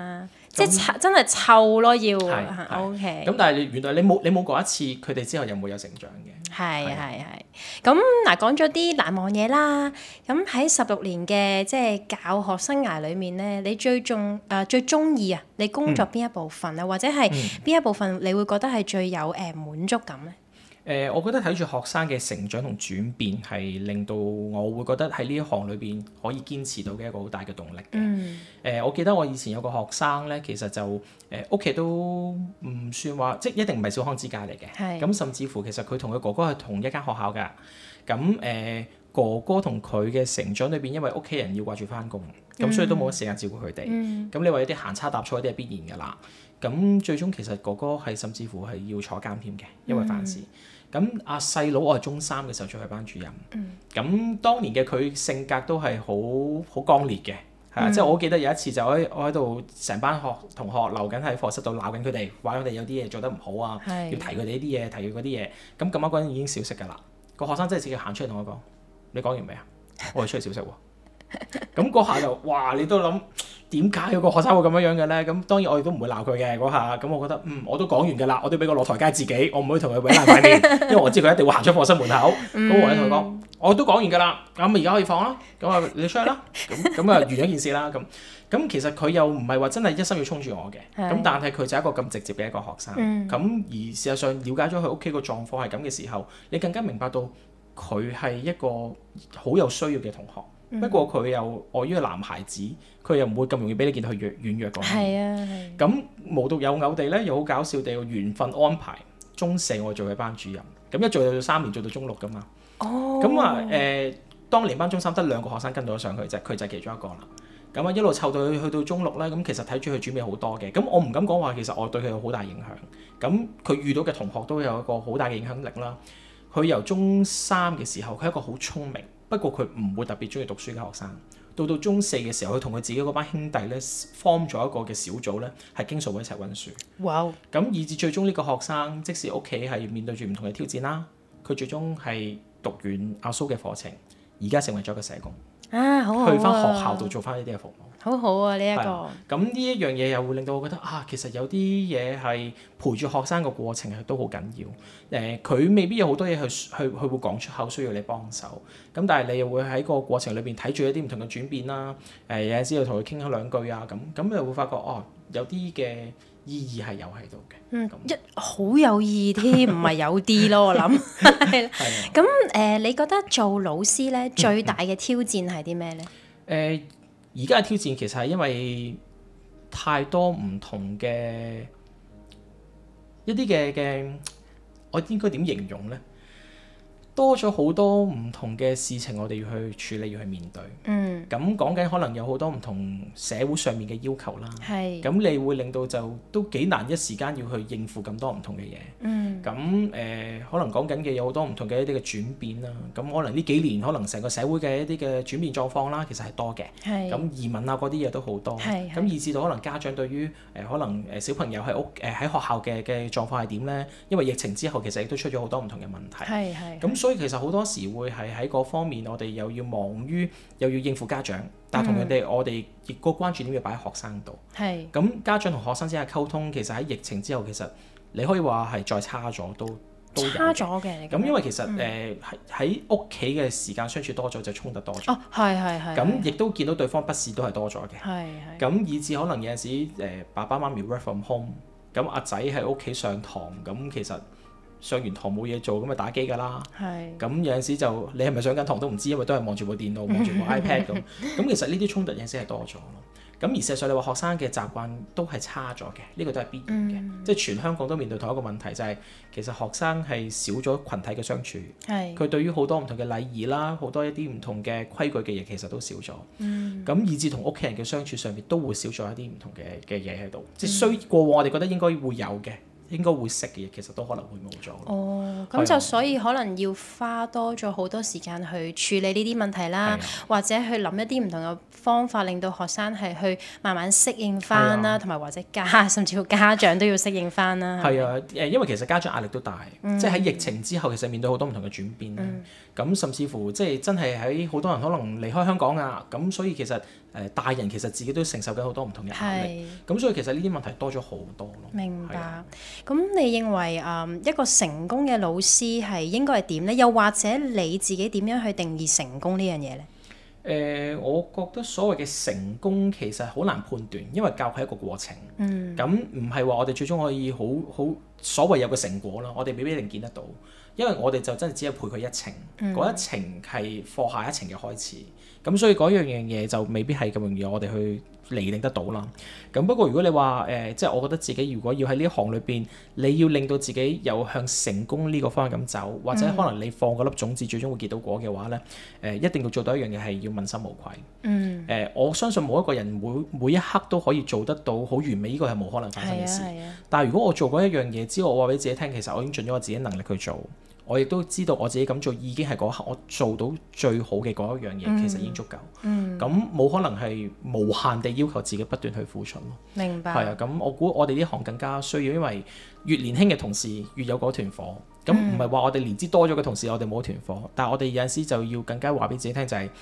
即係真係臭咯，要 OK。咁但係原來你冇你冇嗰一次，佢哋之後有冇有成長嘅？係係係。咁嗱係，講咗啲難忘嘢啦。咁喺十六年嘅即係教學生涯裏面咧，你最重誒、呃、最中意啊？你工作邊一部分啊？嗯、或者係邊一部分你會覺得係最有誒、呃、滿足感咧？誒，我覺得睇住學生嘅成長同轉變係令到我會覺得喺呢一行裏邊可以堅持到嘅一個好大嘅動力嘅。誒、嗯呃，我記得我以前有個學生咧，其實就誒屋企都唔算話，即一定唔係小康之家嚟嘅。咁是 甚至乎其實佢同佢哥哥係同一間學校㗎。咁、嗯、誒，哥哥同佢嘅成長裏邊，因為屋企人要掛住返工，咁所以都冇得時間照顧佢哋。咁、嗯、你話有啲行差踏錯嗰啲係必然㗎啦。咁最終其實哥哥係甚至乎係要坐監添嘅，因為犯事。嗯咁阿細佬，我係中三嘅時候做佢班主任。咁、嗯、當年嘅佢性格都係好好剛烈嘅，係啊，嗯、即係我記得有一次就喺我喺度成班學同學鬧緊喺課室度鬧緊佢哋，話佢哋有啲嘢做得唔好啊，的要提佢哋呢啲嘢，提佢嗰啲嘢。咁咁啱嗰陣已經小息㗎啦，個學生真係自己行出嚟同我講：你講完未啊？我哋出去小息喎。 咁嗰 下就哇，你都諗點解有個學生會咁樣樣嘅咧？咁當然我亦都唔會鬧佢嘅嗰下。咁我覺得嗯，我都講完噶啦，我都俾個落台階自己，我唔可以同佢搵爛塊面， 因為我知佢一定會行出課室門口。咁、嗯、我同佢講，我都講完噶啦，咁咪而家可以放啦。咁啊，你出嚟啦。咁咁啊，完咗件事啦。咁咁其實佢又唔係話真係一心要衝住我嘅咁，但係佢就係一個咁直接嘅一個學生。咁的而事實上了解咗佢屋企個狀況係咁嘅時候，你更加明白到佢係一個好有需要嘅同學。嗯、不過佢又礙於係男孩子，佢又唔會咁容易俾你見到佢弱軟弱嗰面。啊咁無獨有偶地咧，又好搞笑地，緣分安排中四我做佢班主任，咁一做到三年，做到中六㗎嘛。哦。咁話誒，當年班中三得兩個學生跟到上去啫，佢就係其中一個啦。咁啊一路湊到去去到中六咧，咁其實睇住佢轉變好多嘅。咁我唔敢講話，其實我對佢有好大影響。咁佢遇到嘅同學都有一個好大嘅影響力啦。佢由中三嘅時候，佢係一個好聰明。不過佢唔會特別中意讀書嘅學生，到到中四嘅時候，佢同佢自己嗰班兄弟咧 form 咗一個嘅小組咧，係經常會一齊温書。咁 Wow. 以至最終呢個學生，即使屋企係面對住唔同嘅挑戰啦，佢最終係讀完阿蘇嘅課程，而家成為咗個社工。Ah, 好好啊。去翻學校度做翻呢啲嘅服務。好好啊！呢、這、一個咁呢一樣嘢又會令到我覺得啊，其實有啲嘢係陪住學生個過程係都好緊要。誒、呃，佢未必有好多嘢去去佢會講出口，需要你幫手。咁但係你又會喺個過程裏邊睇住一啲唔同嘅轉變啦。誒，有陣時又同佢傾一兩句啊。咁、啊、咁、啊、你會發覺哦、啊，有啲嘅意義係有喺度嘅。一好有意義添，唔係有啲咯。我諗係咁誒，你覺得做老師咧最大嘅挑戰係啲咩咧？誒。 啊 而家嘅挑戰其實係因為太多唔同嘅一啲嘅嘅，我應該點形容咧？多咗好多唔同嘅事情，我哋要去處理，要去面對。嗯。咁講緊可能有好多唔同社會上面嘅要求啦。係。咁你會令到就都幾難一時間要去應付咁多唔同嘅嘢。咁誒、嗯呃、可能講緊嘅有好多唔同嘅一啲嘅轉變啦。咁可能呢幾年可能成個社會嘅一啲嘅轉變狀況啦，其實係多嘅。係。咁移民啊嗰啲嘢都好多。係。咁以致到可能家長對於誒、呃、可能誒小朋友喺屋誒喺、呃、學校嘅嘅狀況係點咧？因為疫情之後其實亦都出咗好多唔同嘅問題。係咁。所以其實好多時會係喺個方面，我哋又要忙於又要應付家長，但同樣地，嗯、我哋亦個關注點要擺喺學生度。係是。咁家長同學生之間溝通，其實喺疫情之後，其實你可以話係再差咗都都差咗嘅。咁因為其實誒喺喺屋企嘅時間相處多咗，就衝突多咗啊。係係係。咁亦都見到對方不是都係多咗嘅。係咁以至可能有陣時誒、呃、爸爸媽咪 work from home，咁阿仔喺屋企上堂，咁其實。上完堂冇嘢做咁咪打機㗎啦，咁的有陣時就你係咪上緊堂都唔知，因為都係望住部電腦、望住部 iPad 咁。咁 其實呢啲衝突有陣時係多咗咯。咁而實際上你話學生嘅習慣都係差咗嘅，呢、這個都係必然嘅，嗯、即係全香港都面對同一個問題就係、是、其實學生係少咗群體嘅相處，佢的對於好多唔同嘅禮儀啦，好多一啲唔同嘅規矩嘅嘢其實都少咗。咁、嗯、以至同屋企人嘅相處上面都會少咗一啲唔同嘅嘅嘢喺度，即係雖過往我哋覺得應該會有嘅。應該會食嘅嘢，其實都可能會冇咗。哦，咁就所以可能要花多咗好多時間去處理呢啲問題啦，啊、或者去諗一啲唔同嘅方法，令到學生係去慢慢適應翻啦，同埋、啊、或者家甚至乎家長都要適應翻啦。係啊，吧因為其實家長壓力都大，嗯、即係喺疫情之後，其實面對好多唔同嘅轉變，咁、嗯、甚至乎即係真係喺好多人可能離開香港啊，咁所以其實。大人其實自己都承受緊好多唔同嘅壓力，咁是、嗯、所以其實呢啲問題多咗好多咯。明白。咁是你認為誒、嗯、一個成功嘅老師係應該係點呢？又或者你自己點樣去定義成功呢樣嘢呢？誒、呃，我覺得所謂嘅成功其實好難判斷，因為教係一個過程，咁唔係話我哋最終可以好好所謂有個成果咯，我哋未必一定見得到，因為我哋就真係只係陪佢一程，嗰、嗯、一程係 for 下一程嘅開始。咁所以嗰樣嘢就未必係咁容易，我哋去釐定得到啦。咁不過如果你話誒，即、呃、係、就是、我覺得自己如果要喺呢行裏邊，你要令到自己有向成功呢個方向咁走，或者可能你放嗰粒種子最終會結到果嘅話呢誒、呃、一定要做到一樣嘢係要問心無愧。嗯。誒、呃，我相信冇一個人每每一刻都可以做得到好完美，呢個係冇可能發生嘅事。啊啊、但係如果我做過一樣嘢之後，我話俾自己聽，其實我已經盡咗我自己能力去做。我亦都知道我自己咁做已經係嗰刻，我做到最好嘅嗰一樣嘢，嗯、其實已經足夠。咁冇、嗯、可能係無限地要求自己不斷去付出咯。明白。係啊，咁我估我哋呢行更加需要，因為越年輕嘅同事越有嗰團火。咁唔係話我哋年資多咗嘅同事我哋冇團火，嗯、但係我哋有陣時就要更加話俾自己聽、就係，就係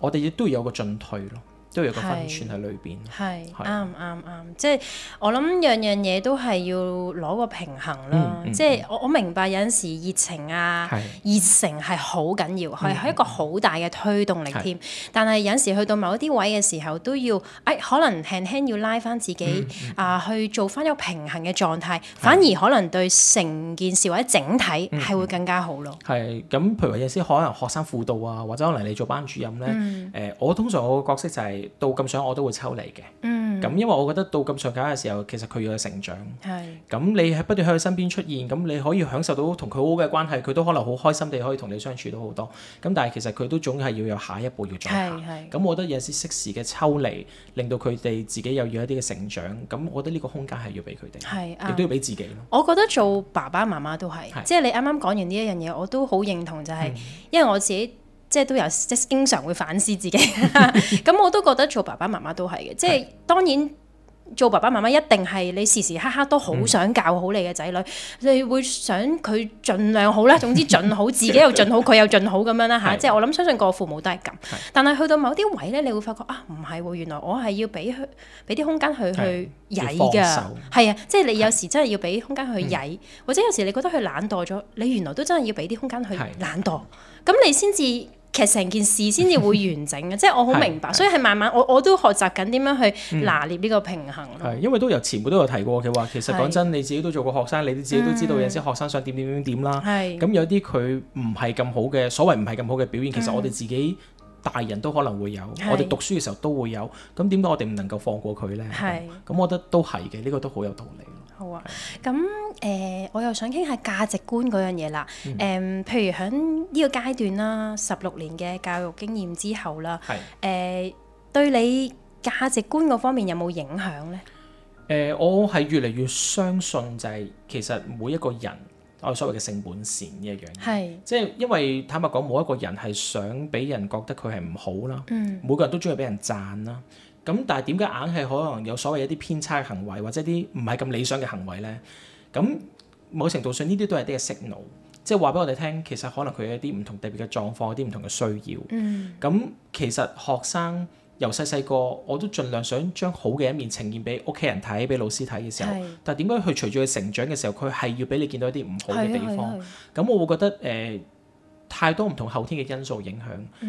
我哋亦都要有個進退咯。都有個分寸喺裏邊，係啱啱啱，即係我諗樣樣嘢都係要攞個平衡囉。即係我我明白有陣時熱情啊熱誠係好緊要，係係一個好大嘅推動力添。但係有陣時去到某一啲位嘅時候，都要哎可能輕輕要拉翻自己啊，去做翻一個平衡嘅狀態，反而可能對成件事或者整體係會更加好咯。係咁，譬如話有陣時可能學生輔導啊，或者可能你做班主任咧，誒，我通常我個角色就係。到咁上我都會抽離嘅，咁、嗯、因為我覺得到咁上下嘅時候，其實佢要有成長，咁是你喺不斷喺佢身邊出現，咁你可以享受到同佢好好嘅關係，佢都可能好開心地可以同你相處到好多。咁但係其實佢都總係要有下一步要再行，咁我覺得有時適時嘅抽離，令到佢哋自己又要一啲嘅成長，咁我覺得呢個空間係要俾佢哋，亦都是要俾自己，啊。我覺得做爸爸媽媽都係，即係、嗯、你啱啱講完呢一樣嘢，我都好認同就係、是，嗯、因為我自己。即係都有，即係經常會反思自己。 咁我都覺得做爸爸媽媽都係嘅， 即係當然做爸爸媽媽一定係你時時刻刻都好想教好你嘅仔女，嗯、你會想佢盡量好啦。總之盡好自己又盡好，佢又盡好咁樣啦吓， 即係我諗相信個父母都係咁，是但係去到某啲位呢，你會發覺啊，唔係喎，原來我係要俾佢俾啲空間佢去曳㗎。係啊是，即係你有時真係要俾空間去曳，或者有時你覺得佢懶惰咗，你原來都真係要俾啲空間去懶惰，咁你先至。其實成件事先至會完整嘅， 即係我好明白，是所以係慢慢我我都學習緊點樣去拿捏呢個平衡。係因為都有前輩都有提過，佢話其實講真，是你自己都做過學生，你自己都知道有啲學生想點點點點啦。咁是有啲佢唔係咁好嘅，所謂唔係咁好嘅表現，是其實我哋自己大人都可能會有，是我哋讀書嘅時候都會有。咁點解我哋唔能夠放過佢呢？係咁是，嗯、我覺得都係嘅，呢、呢個都好有道理。好咁、啊、誒、呃，我又想傾下價值觀嗰樣嘢啦。誒、嗯，譬如喺呢個階段啦，十六年嘅教育經驗之後啦，係誒是、呃，對你價值觀嗰方面有冇影響咧？誒、呃，我係越嚟越相信就係其實每一個人，我所謂嘅性本善呢一樣嘢，係即係因為坦白講，冇一個人係想俾人覺得佢係唔好啦。嗯，每個人都中意俾人讚啦。咁但係點解硬係可能有所謂一啲偏差嘅行為，或者啲唔係咁理想嘅行為咧？咁某程度上呢啲都係啲嘅 signal 即係話俾我哋聽，其實可能佢有啲唔同特別嘅狀況，有啲唔同嘅需要。嗯。咁其實學生由細細個我都盡量想將好嘅一面呈現俾屋企人睇，俾老師睇嘅時候，是但係點解佢隨住佢成長嘅時候，佢係要俾你見到一啲唔好嘅地方？係啊、係啊、係啊，咁我會覺得誒、呃太多唔同後天嘅因素影響，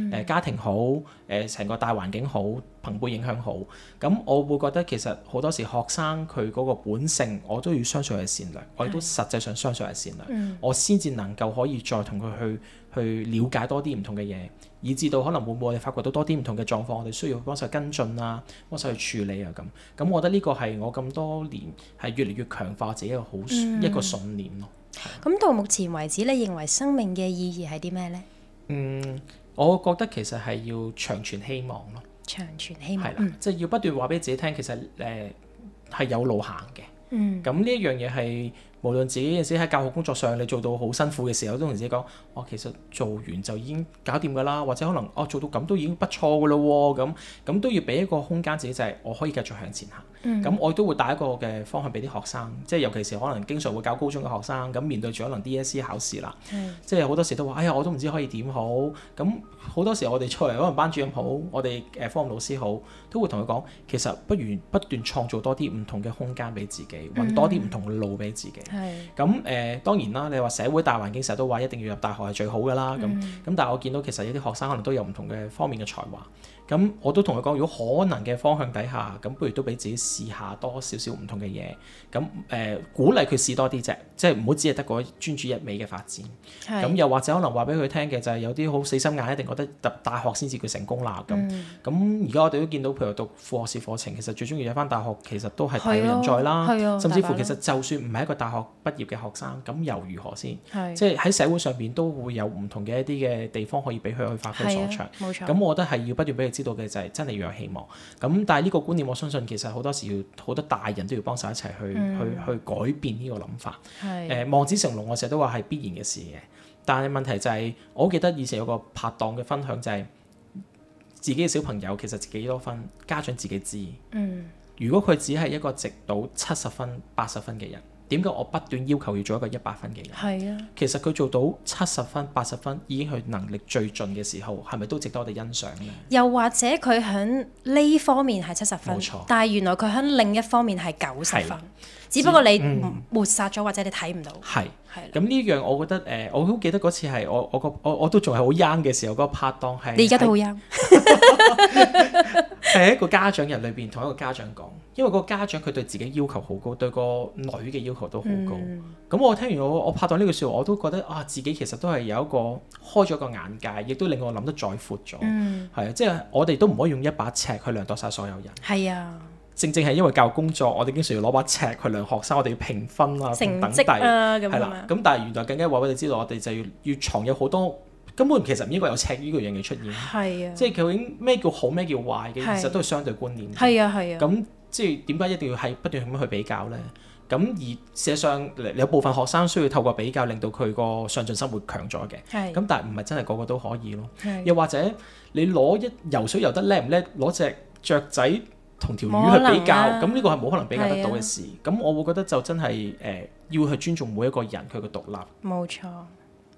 誒、呃、家庭好，誒、呃、成個大環境好，朋輩影響好。咁我會覺得其實好多時學生佢嗰個本性，我都要相信係善良，我亦都實際上相信係善良，的我先至能夠可以再同佢去去瞭解多啲唔同嘅嘢，以至到可能會唔會我哋發掘到多啲唔同嘅狀況，我哋需要幫手跟進啊，幫手去處理啊咁。咁的我覺得呢個係我咁多年係越嚟越強化自己一個好一個信念咯。咁到目前為止你認為生命嘅意義係啲咩呢？嗯，我覺得其實係要長存希望咯，長存希望係啦，嗯、即係要不斷話俾自己聽，其實誒係、呃、有路行嘅。嗯，咁呢一樣嘢係。無論自己有時喺教學工作上，你做到好辛苦嘅時候，我都同自己講：我、哦、其實做完就已經搞掂噶啦，或者可能哦做到咁都已經不錯噶咯、哦，咁咁都要俾一個空間自己，就係我可以繼續向前行。咁、嗯、我亦都會帶一個嘅方向俾啲學生，即係尤其是可能經常會教高中嘅學生，咁面對住可能 DSE 考試啦，嗯、即係好多時都話：哎呀，我都唔知可以點好。咁好多時我哋出嚟，可能班主任好，嗯、我哋誒、呃、科目老師好，都會同佢講：其實不如不斷創造多啲唔同嘅空間俾自己，揾多啲唔同嘅路俾自己。嗯。咁誒係，呃，當然啦，你話社會大環境成日都話一定要入大學係最好㗎啦，咁咁，嗯，但係我見到其實有啲學生可能都有唔同嘅方面嘅才華。咁我都同佢講，如果可能嘅方向底下，咁不如都俾自己試下多少少唔同嘅嘢。咁誒、呃、鼓勵佢試多啲啫，即係唔好只係得嗰專注一味嘅發展。咁是又或者可能話俾佢聽嘅就係有啲好死心眼，一定覺得讀大學先至叫成功啦。咁咁而家我哋都見到，譬如讀副學士課程，其實最鍾意有返大學，其實都係大有人在啦。的甚至乎其實就算唔係一個大學畢業嘅學生，咁又如何先？的即係喺社會上面都會有唔同嘅一啲嘅地方可以俾佢去發揮所長。冇錯。咁我覺得係要不斷俾佢知到嘅就係真係要有希望，咁但係呢個觀念，我相信其實好多時要好多大人都要幫手一齊去、嗯、去去改變呢個諗法。係誒，呃，望子成龍我成日都話係必然嘅事嘅，但係問題就係，我記得以前有個拍檔嘅分享就係，自己嘅小朋友其實幾多分，家長自己知。嗯。如果佢只係一個值到七十分、八十分嘅人。點解我不斷要求要做一個一百分嘅人？係啊，其實佢做到七十分、八十分，已經佢能力最盡嘅時候，係咪都值得我哋欣賞呢？又或者佢響呢方面係七十分，冇錯，但係原來佢響另一方面係九十分，係。只不過你抹殺咗，嗯、或者你睇唔到。係。咁呢、嗯、樣我覺得誒、呃，我好記得嗰次係我我個我我都仲係好 young 嘅時候，嗰、那個拍檔係你而家都好 young 係一個家長日裏邊同一個家長講，因為個家長佢對自己要求好高，對個女嘅要求都好高。咁、嗯嗯、我聽完我我拍檔呢句説話，我都覺得啊，自己其實都係有一個開咗個眼界，亦都令我諗得再闊咗。係啊、嗯，即係、就是、我哋都唔可以用一把尺去量度晒所有人。係、嗯、啊。正正係因為教育工作，我哋經常要攞把尺去量學生，我哋要評分啊、評績等級啦。咁、啊、但係原來更加話，我哋知道我哋就要要藏有好多根本其實唔應該有尺呢個樣嘢出現。係啊，即係究竟咩叫好，咩叫壞嘅，啊、其實都係相對觀念。係啊係啊。咁、啊、即係點解一定要係不斷咁樣去比較咧？咁而事實上，有部分學生需要透過比較，令到佢的個上進心會強咗嘅。咁但係唔係真係個個都可以咯？又的的或者你攞一游水游得叻唔叻，攞隻雀仔。同條魚去比較，咁呢、啊、個係冇可能比較得到嘅事。咁、啊、我會覺得就真係誒、呃，要去尊重每一個人佢嘅獨立。冇錯，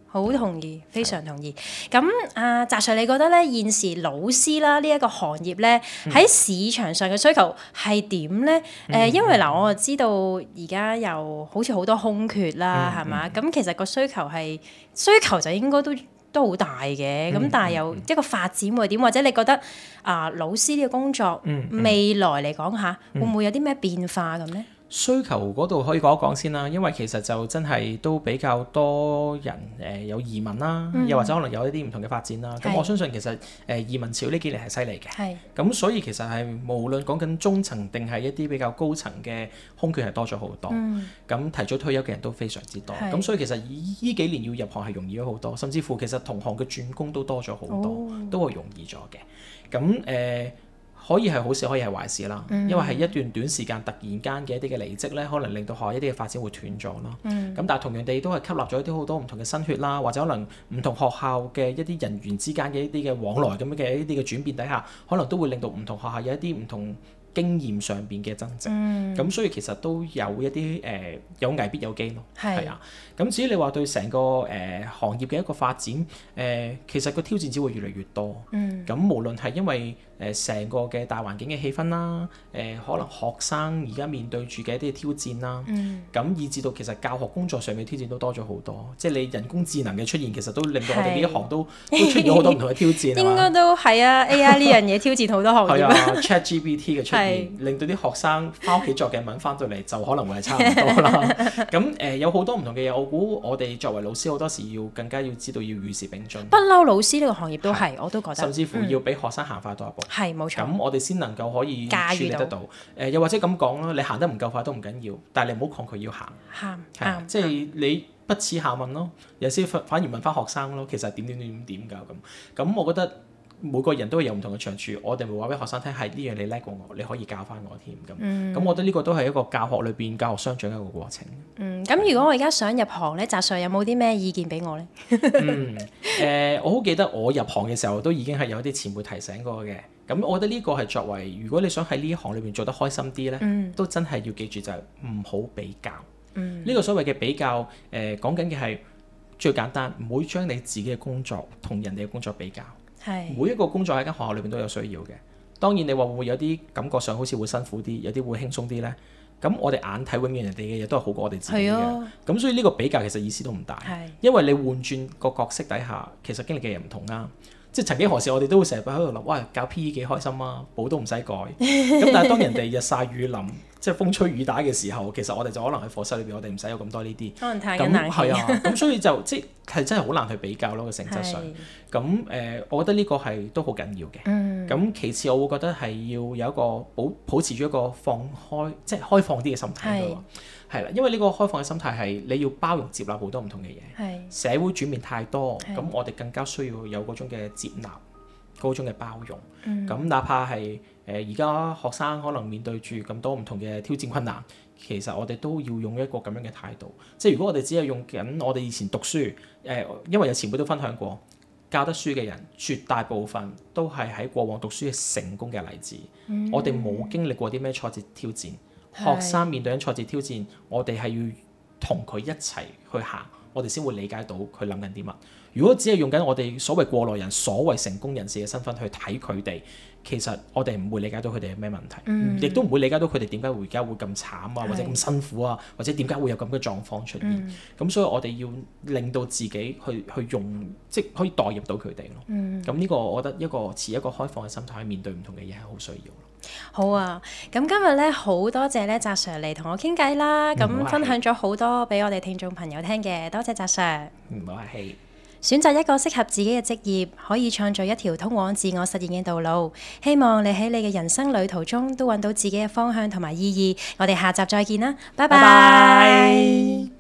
好同意，對非常同意。咁啊對，翟 Sir，你覺得呢現時老師啦呢一個行業呢，喺、嗯、市場上嘅需求係點呢？誒、嗯，因為嗱，我就知道而家又好似好多空缺啦，係嘛、嗯？咁其實個需求係需求就應該都，都好大嘅，咁但係又一個發展會點，或者你覺得啊、呃、老師呢個工作未來嚟講吓，嗯嗯、會唔會有啲咩變化咁咧？需求嗰度可以講一講先啦，因為其實就真係都比較多人誒、呃、有移民啦，嗯、又或者可能有一啲唔同嘅發展啦。咁、嗯、我相信其實誒、呃、移民潮呢幾年係犀利嘅。咁、嗯、所以其實係無論講緊中層定係一啲比較高層嘅空缺係多咗好多。咁、嗯、提早退休嘅人都非常之多。咁、嗯、所以其實呢幾年要入行係容易咗好多，嗯、甚至乎其實同行嘅轉工都多咗好多，哦、都好容易咗嘅。咁、嗯、誒。嗯嗯嗯呃可以係好事，可以係壞事啦。因為係一段短時間突然間嘅一啲嘅離職咧，可能令到學校一啲嘅發展會斷咗咯。咁、嗯、但係同樣地都係吸納咗一啲好多唔同嘅新血啦，或者可能唔同學校嘅一啲人員之間嘅一啲嘅往來咁嘅一啲嘅轉變底下，可能都會令到唔同學校有一啲唔同經驗上邊嘅增值。咁、嗯、所以其實都有一啲誒、呃、有危必有機咯，係是啊。咁至於你話對成個誒、呃、行業嘅一個發展，誒、呃、其實個挑戰只會越嚟越多。咁、嗯嗯、無論係因為誒成個嘅大環境嘅氣氛啦，誒可能學生而家面對住嘅一啲挑戰啦，咁以至到其實教學工作上面嘅挑戰都多咗好多，即係你人工智能嘅出現，其實都令到我哋呢一行都都出現好多唔同嘅挑戰。應該都係啊，AI 呢樣嘢挑戰好多行。係啊，ChatGPT 嘅出現令到啲學生翻屋企作嘅文翻到嚟就可能會係差唔多啦。咁誒有好多唔同嘅嘢，我估我哋作為老師好多時要更加要知道要與時並進。不嬲，老師呢個行業都係，我都覺得。甚至乎要俾學生行快多一步。係冇錯。咁我哋先能夠可以駕馭得到。誒、呃，又或者咁講啦，你行得唔夠快都唔緊要，但係你唔好抗拒要行。吧行，係即係你不恥下問咯，有時反而問翻學生咯，其實點點點點點㗎咁。咁我覺得每個人都會有唔同嘅長處，我哋會話俾學生聽係呢樣你叻過我，你可以教翻我添咁。咁、嗯、我覺得呢個都係一個教學裏邊教學相長嘅一個過程。嗯，咁如果我而家想入行咧，翟 Sir 有冇啲咩意見俾我咧？ 嗯、呃，我好記得我入行嘅時候都已經係有啲前輩提醒過嘅。咁，我覺得呢個係作為如果你想喺呢一行裏邊做得開心啲呢，嗯、都真係要記住就係唔好比較。呢、嗯、個所謂嘅比較，誒講緊嘅係最簡單，唔會將你自己嘅工作同人哋嘅工作比較。係是每一個工作喺間學校裏邊都有需要嘅。當然你話會，唔會有啲感覺上好似會辛苦啲，有啲會輕鬆啲呢？咁我哋眼睇永遠人哋嘅嘢都係好過我哋自己嘅。咁、哦、所以呢個比較其實意思都唔大，是因為你換轉個角色底下，其實經歷嘅嘢唔同啦。即係曾經何時，我哋都會成日喺度諗，哇！搞 PE 幾開心啊，簿都唔使改。咁但係當人哋日曬雨淋， 即係風吹雨打嘅時候，其實我哋就可能喺課室裏邊，我哋唔使有咁多呢啲。可能太難。係啊，咁所以就即係真係好難去比較咯，個性質上。咁誒、 呃，我覺得呢個係都好緊要嘅。咁、 嗯、其次，我會覺得係要有一個保保持住一個放開，即係開放啲嘅心態咯。 係因為呢個開放嘅心態係你要包容接納好多唔同嘅嘢。係是社會轉變太多，咁是我哋更加需要有嗰種嘅接納、嗰種嘅包容。咁、嗯、哪怕係誒而家學生可能面對住咁多唔同嘅挑戰困難，其實我哋都要用一個咁樣嘅態度。即係如果我哋只係用緊我哋以前讀書，誒、呃，因為有前輩都分享過，教得書嘅人絕大部分都係喺過往讀書嘅成功嘅例子。嗯、我哋冇經歷過啲咩挫折挑戰。學生面對緊挫折挑戰，我哋係要同佢一齊去行，我哋先會理解到佢諗緊啲乜。如果只係用緊我哋所謂過來人、所謂成功人士嘅身份去睇佢哋。其實我哋唔會理解到佢哋係咩問題，亦都唔會理解到佢哋點解而家會咁慘啊，是或者咁辛苦啊，或者點解會有咁嘅狀況出現。咁、嗯、所以我哋要令到自己去去用，即可以代入到佢哋咯。咁呢、嗯、個我覺得一個持一個開放嘅心態去面對唔同嘅嘢係好需要。好啊，咁今日呢，好多謝呢翟 Sir 嚟同我傾偈啦，咁、嗯、分享咗好多俾我哋聽眾朋友聽嘅，多謝翟 Sir。唔好客氣。選擇一個適合自己嘅職業，可以創造一條通往自我實現嘅道路。希望你喺你嘅人生旅途中都揾到自己嘅方向同埋意義。我哋下集再見啦，拜拜。